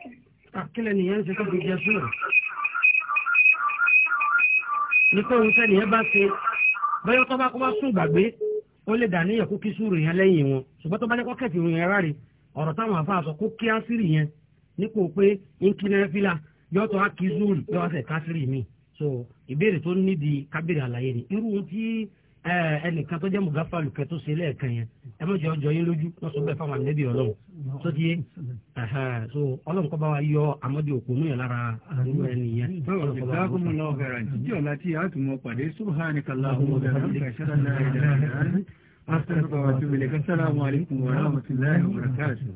akílẹ̀ ah, nìyẹn ṣe kó fi jẹ sùn. ní òun sẹ́ni ẹ bá ṣe. bẹ́ẹ̀ tó bá kó bá sùn gbàgbé ó lè dà níyàn kó kí sùúrù yẹn lẹ́yìn wọn ṣùgbọ́n tó bá jẹ́ kọ́kẹ́tì yẹn ráre ọ̀rọ̀ táwọn àfa sọ kó kí ásírì yẹn nípò pé fílà yọ tó á kí sùúrù yọ wá sẹ̀ kásírì mi so ìbéèrè tó nídìí kábèrè àlàyé ni irú ẹnìkan tó jẹ́ mùgáfà lùkẹ́ tó ṣe lẹ́ẹ̀kan yẹn ẹ mọ̀jọ ọjọ́ yín lójú wọ́n sọ bẹ́ẹ̀ fáwọn àmì ọlọ́run tó di so ọlọ́run kọ́ bá wa yọ amọ́dé òkúnú yẹn lára nínú ẹni yẹn. báwo ni ọ̀gá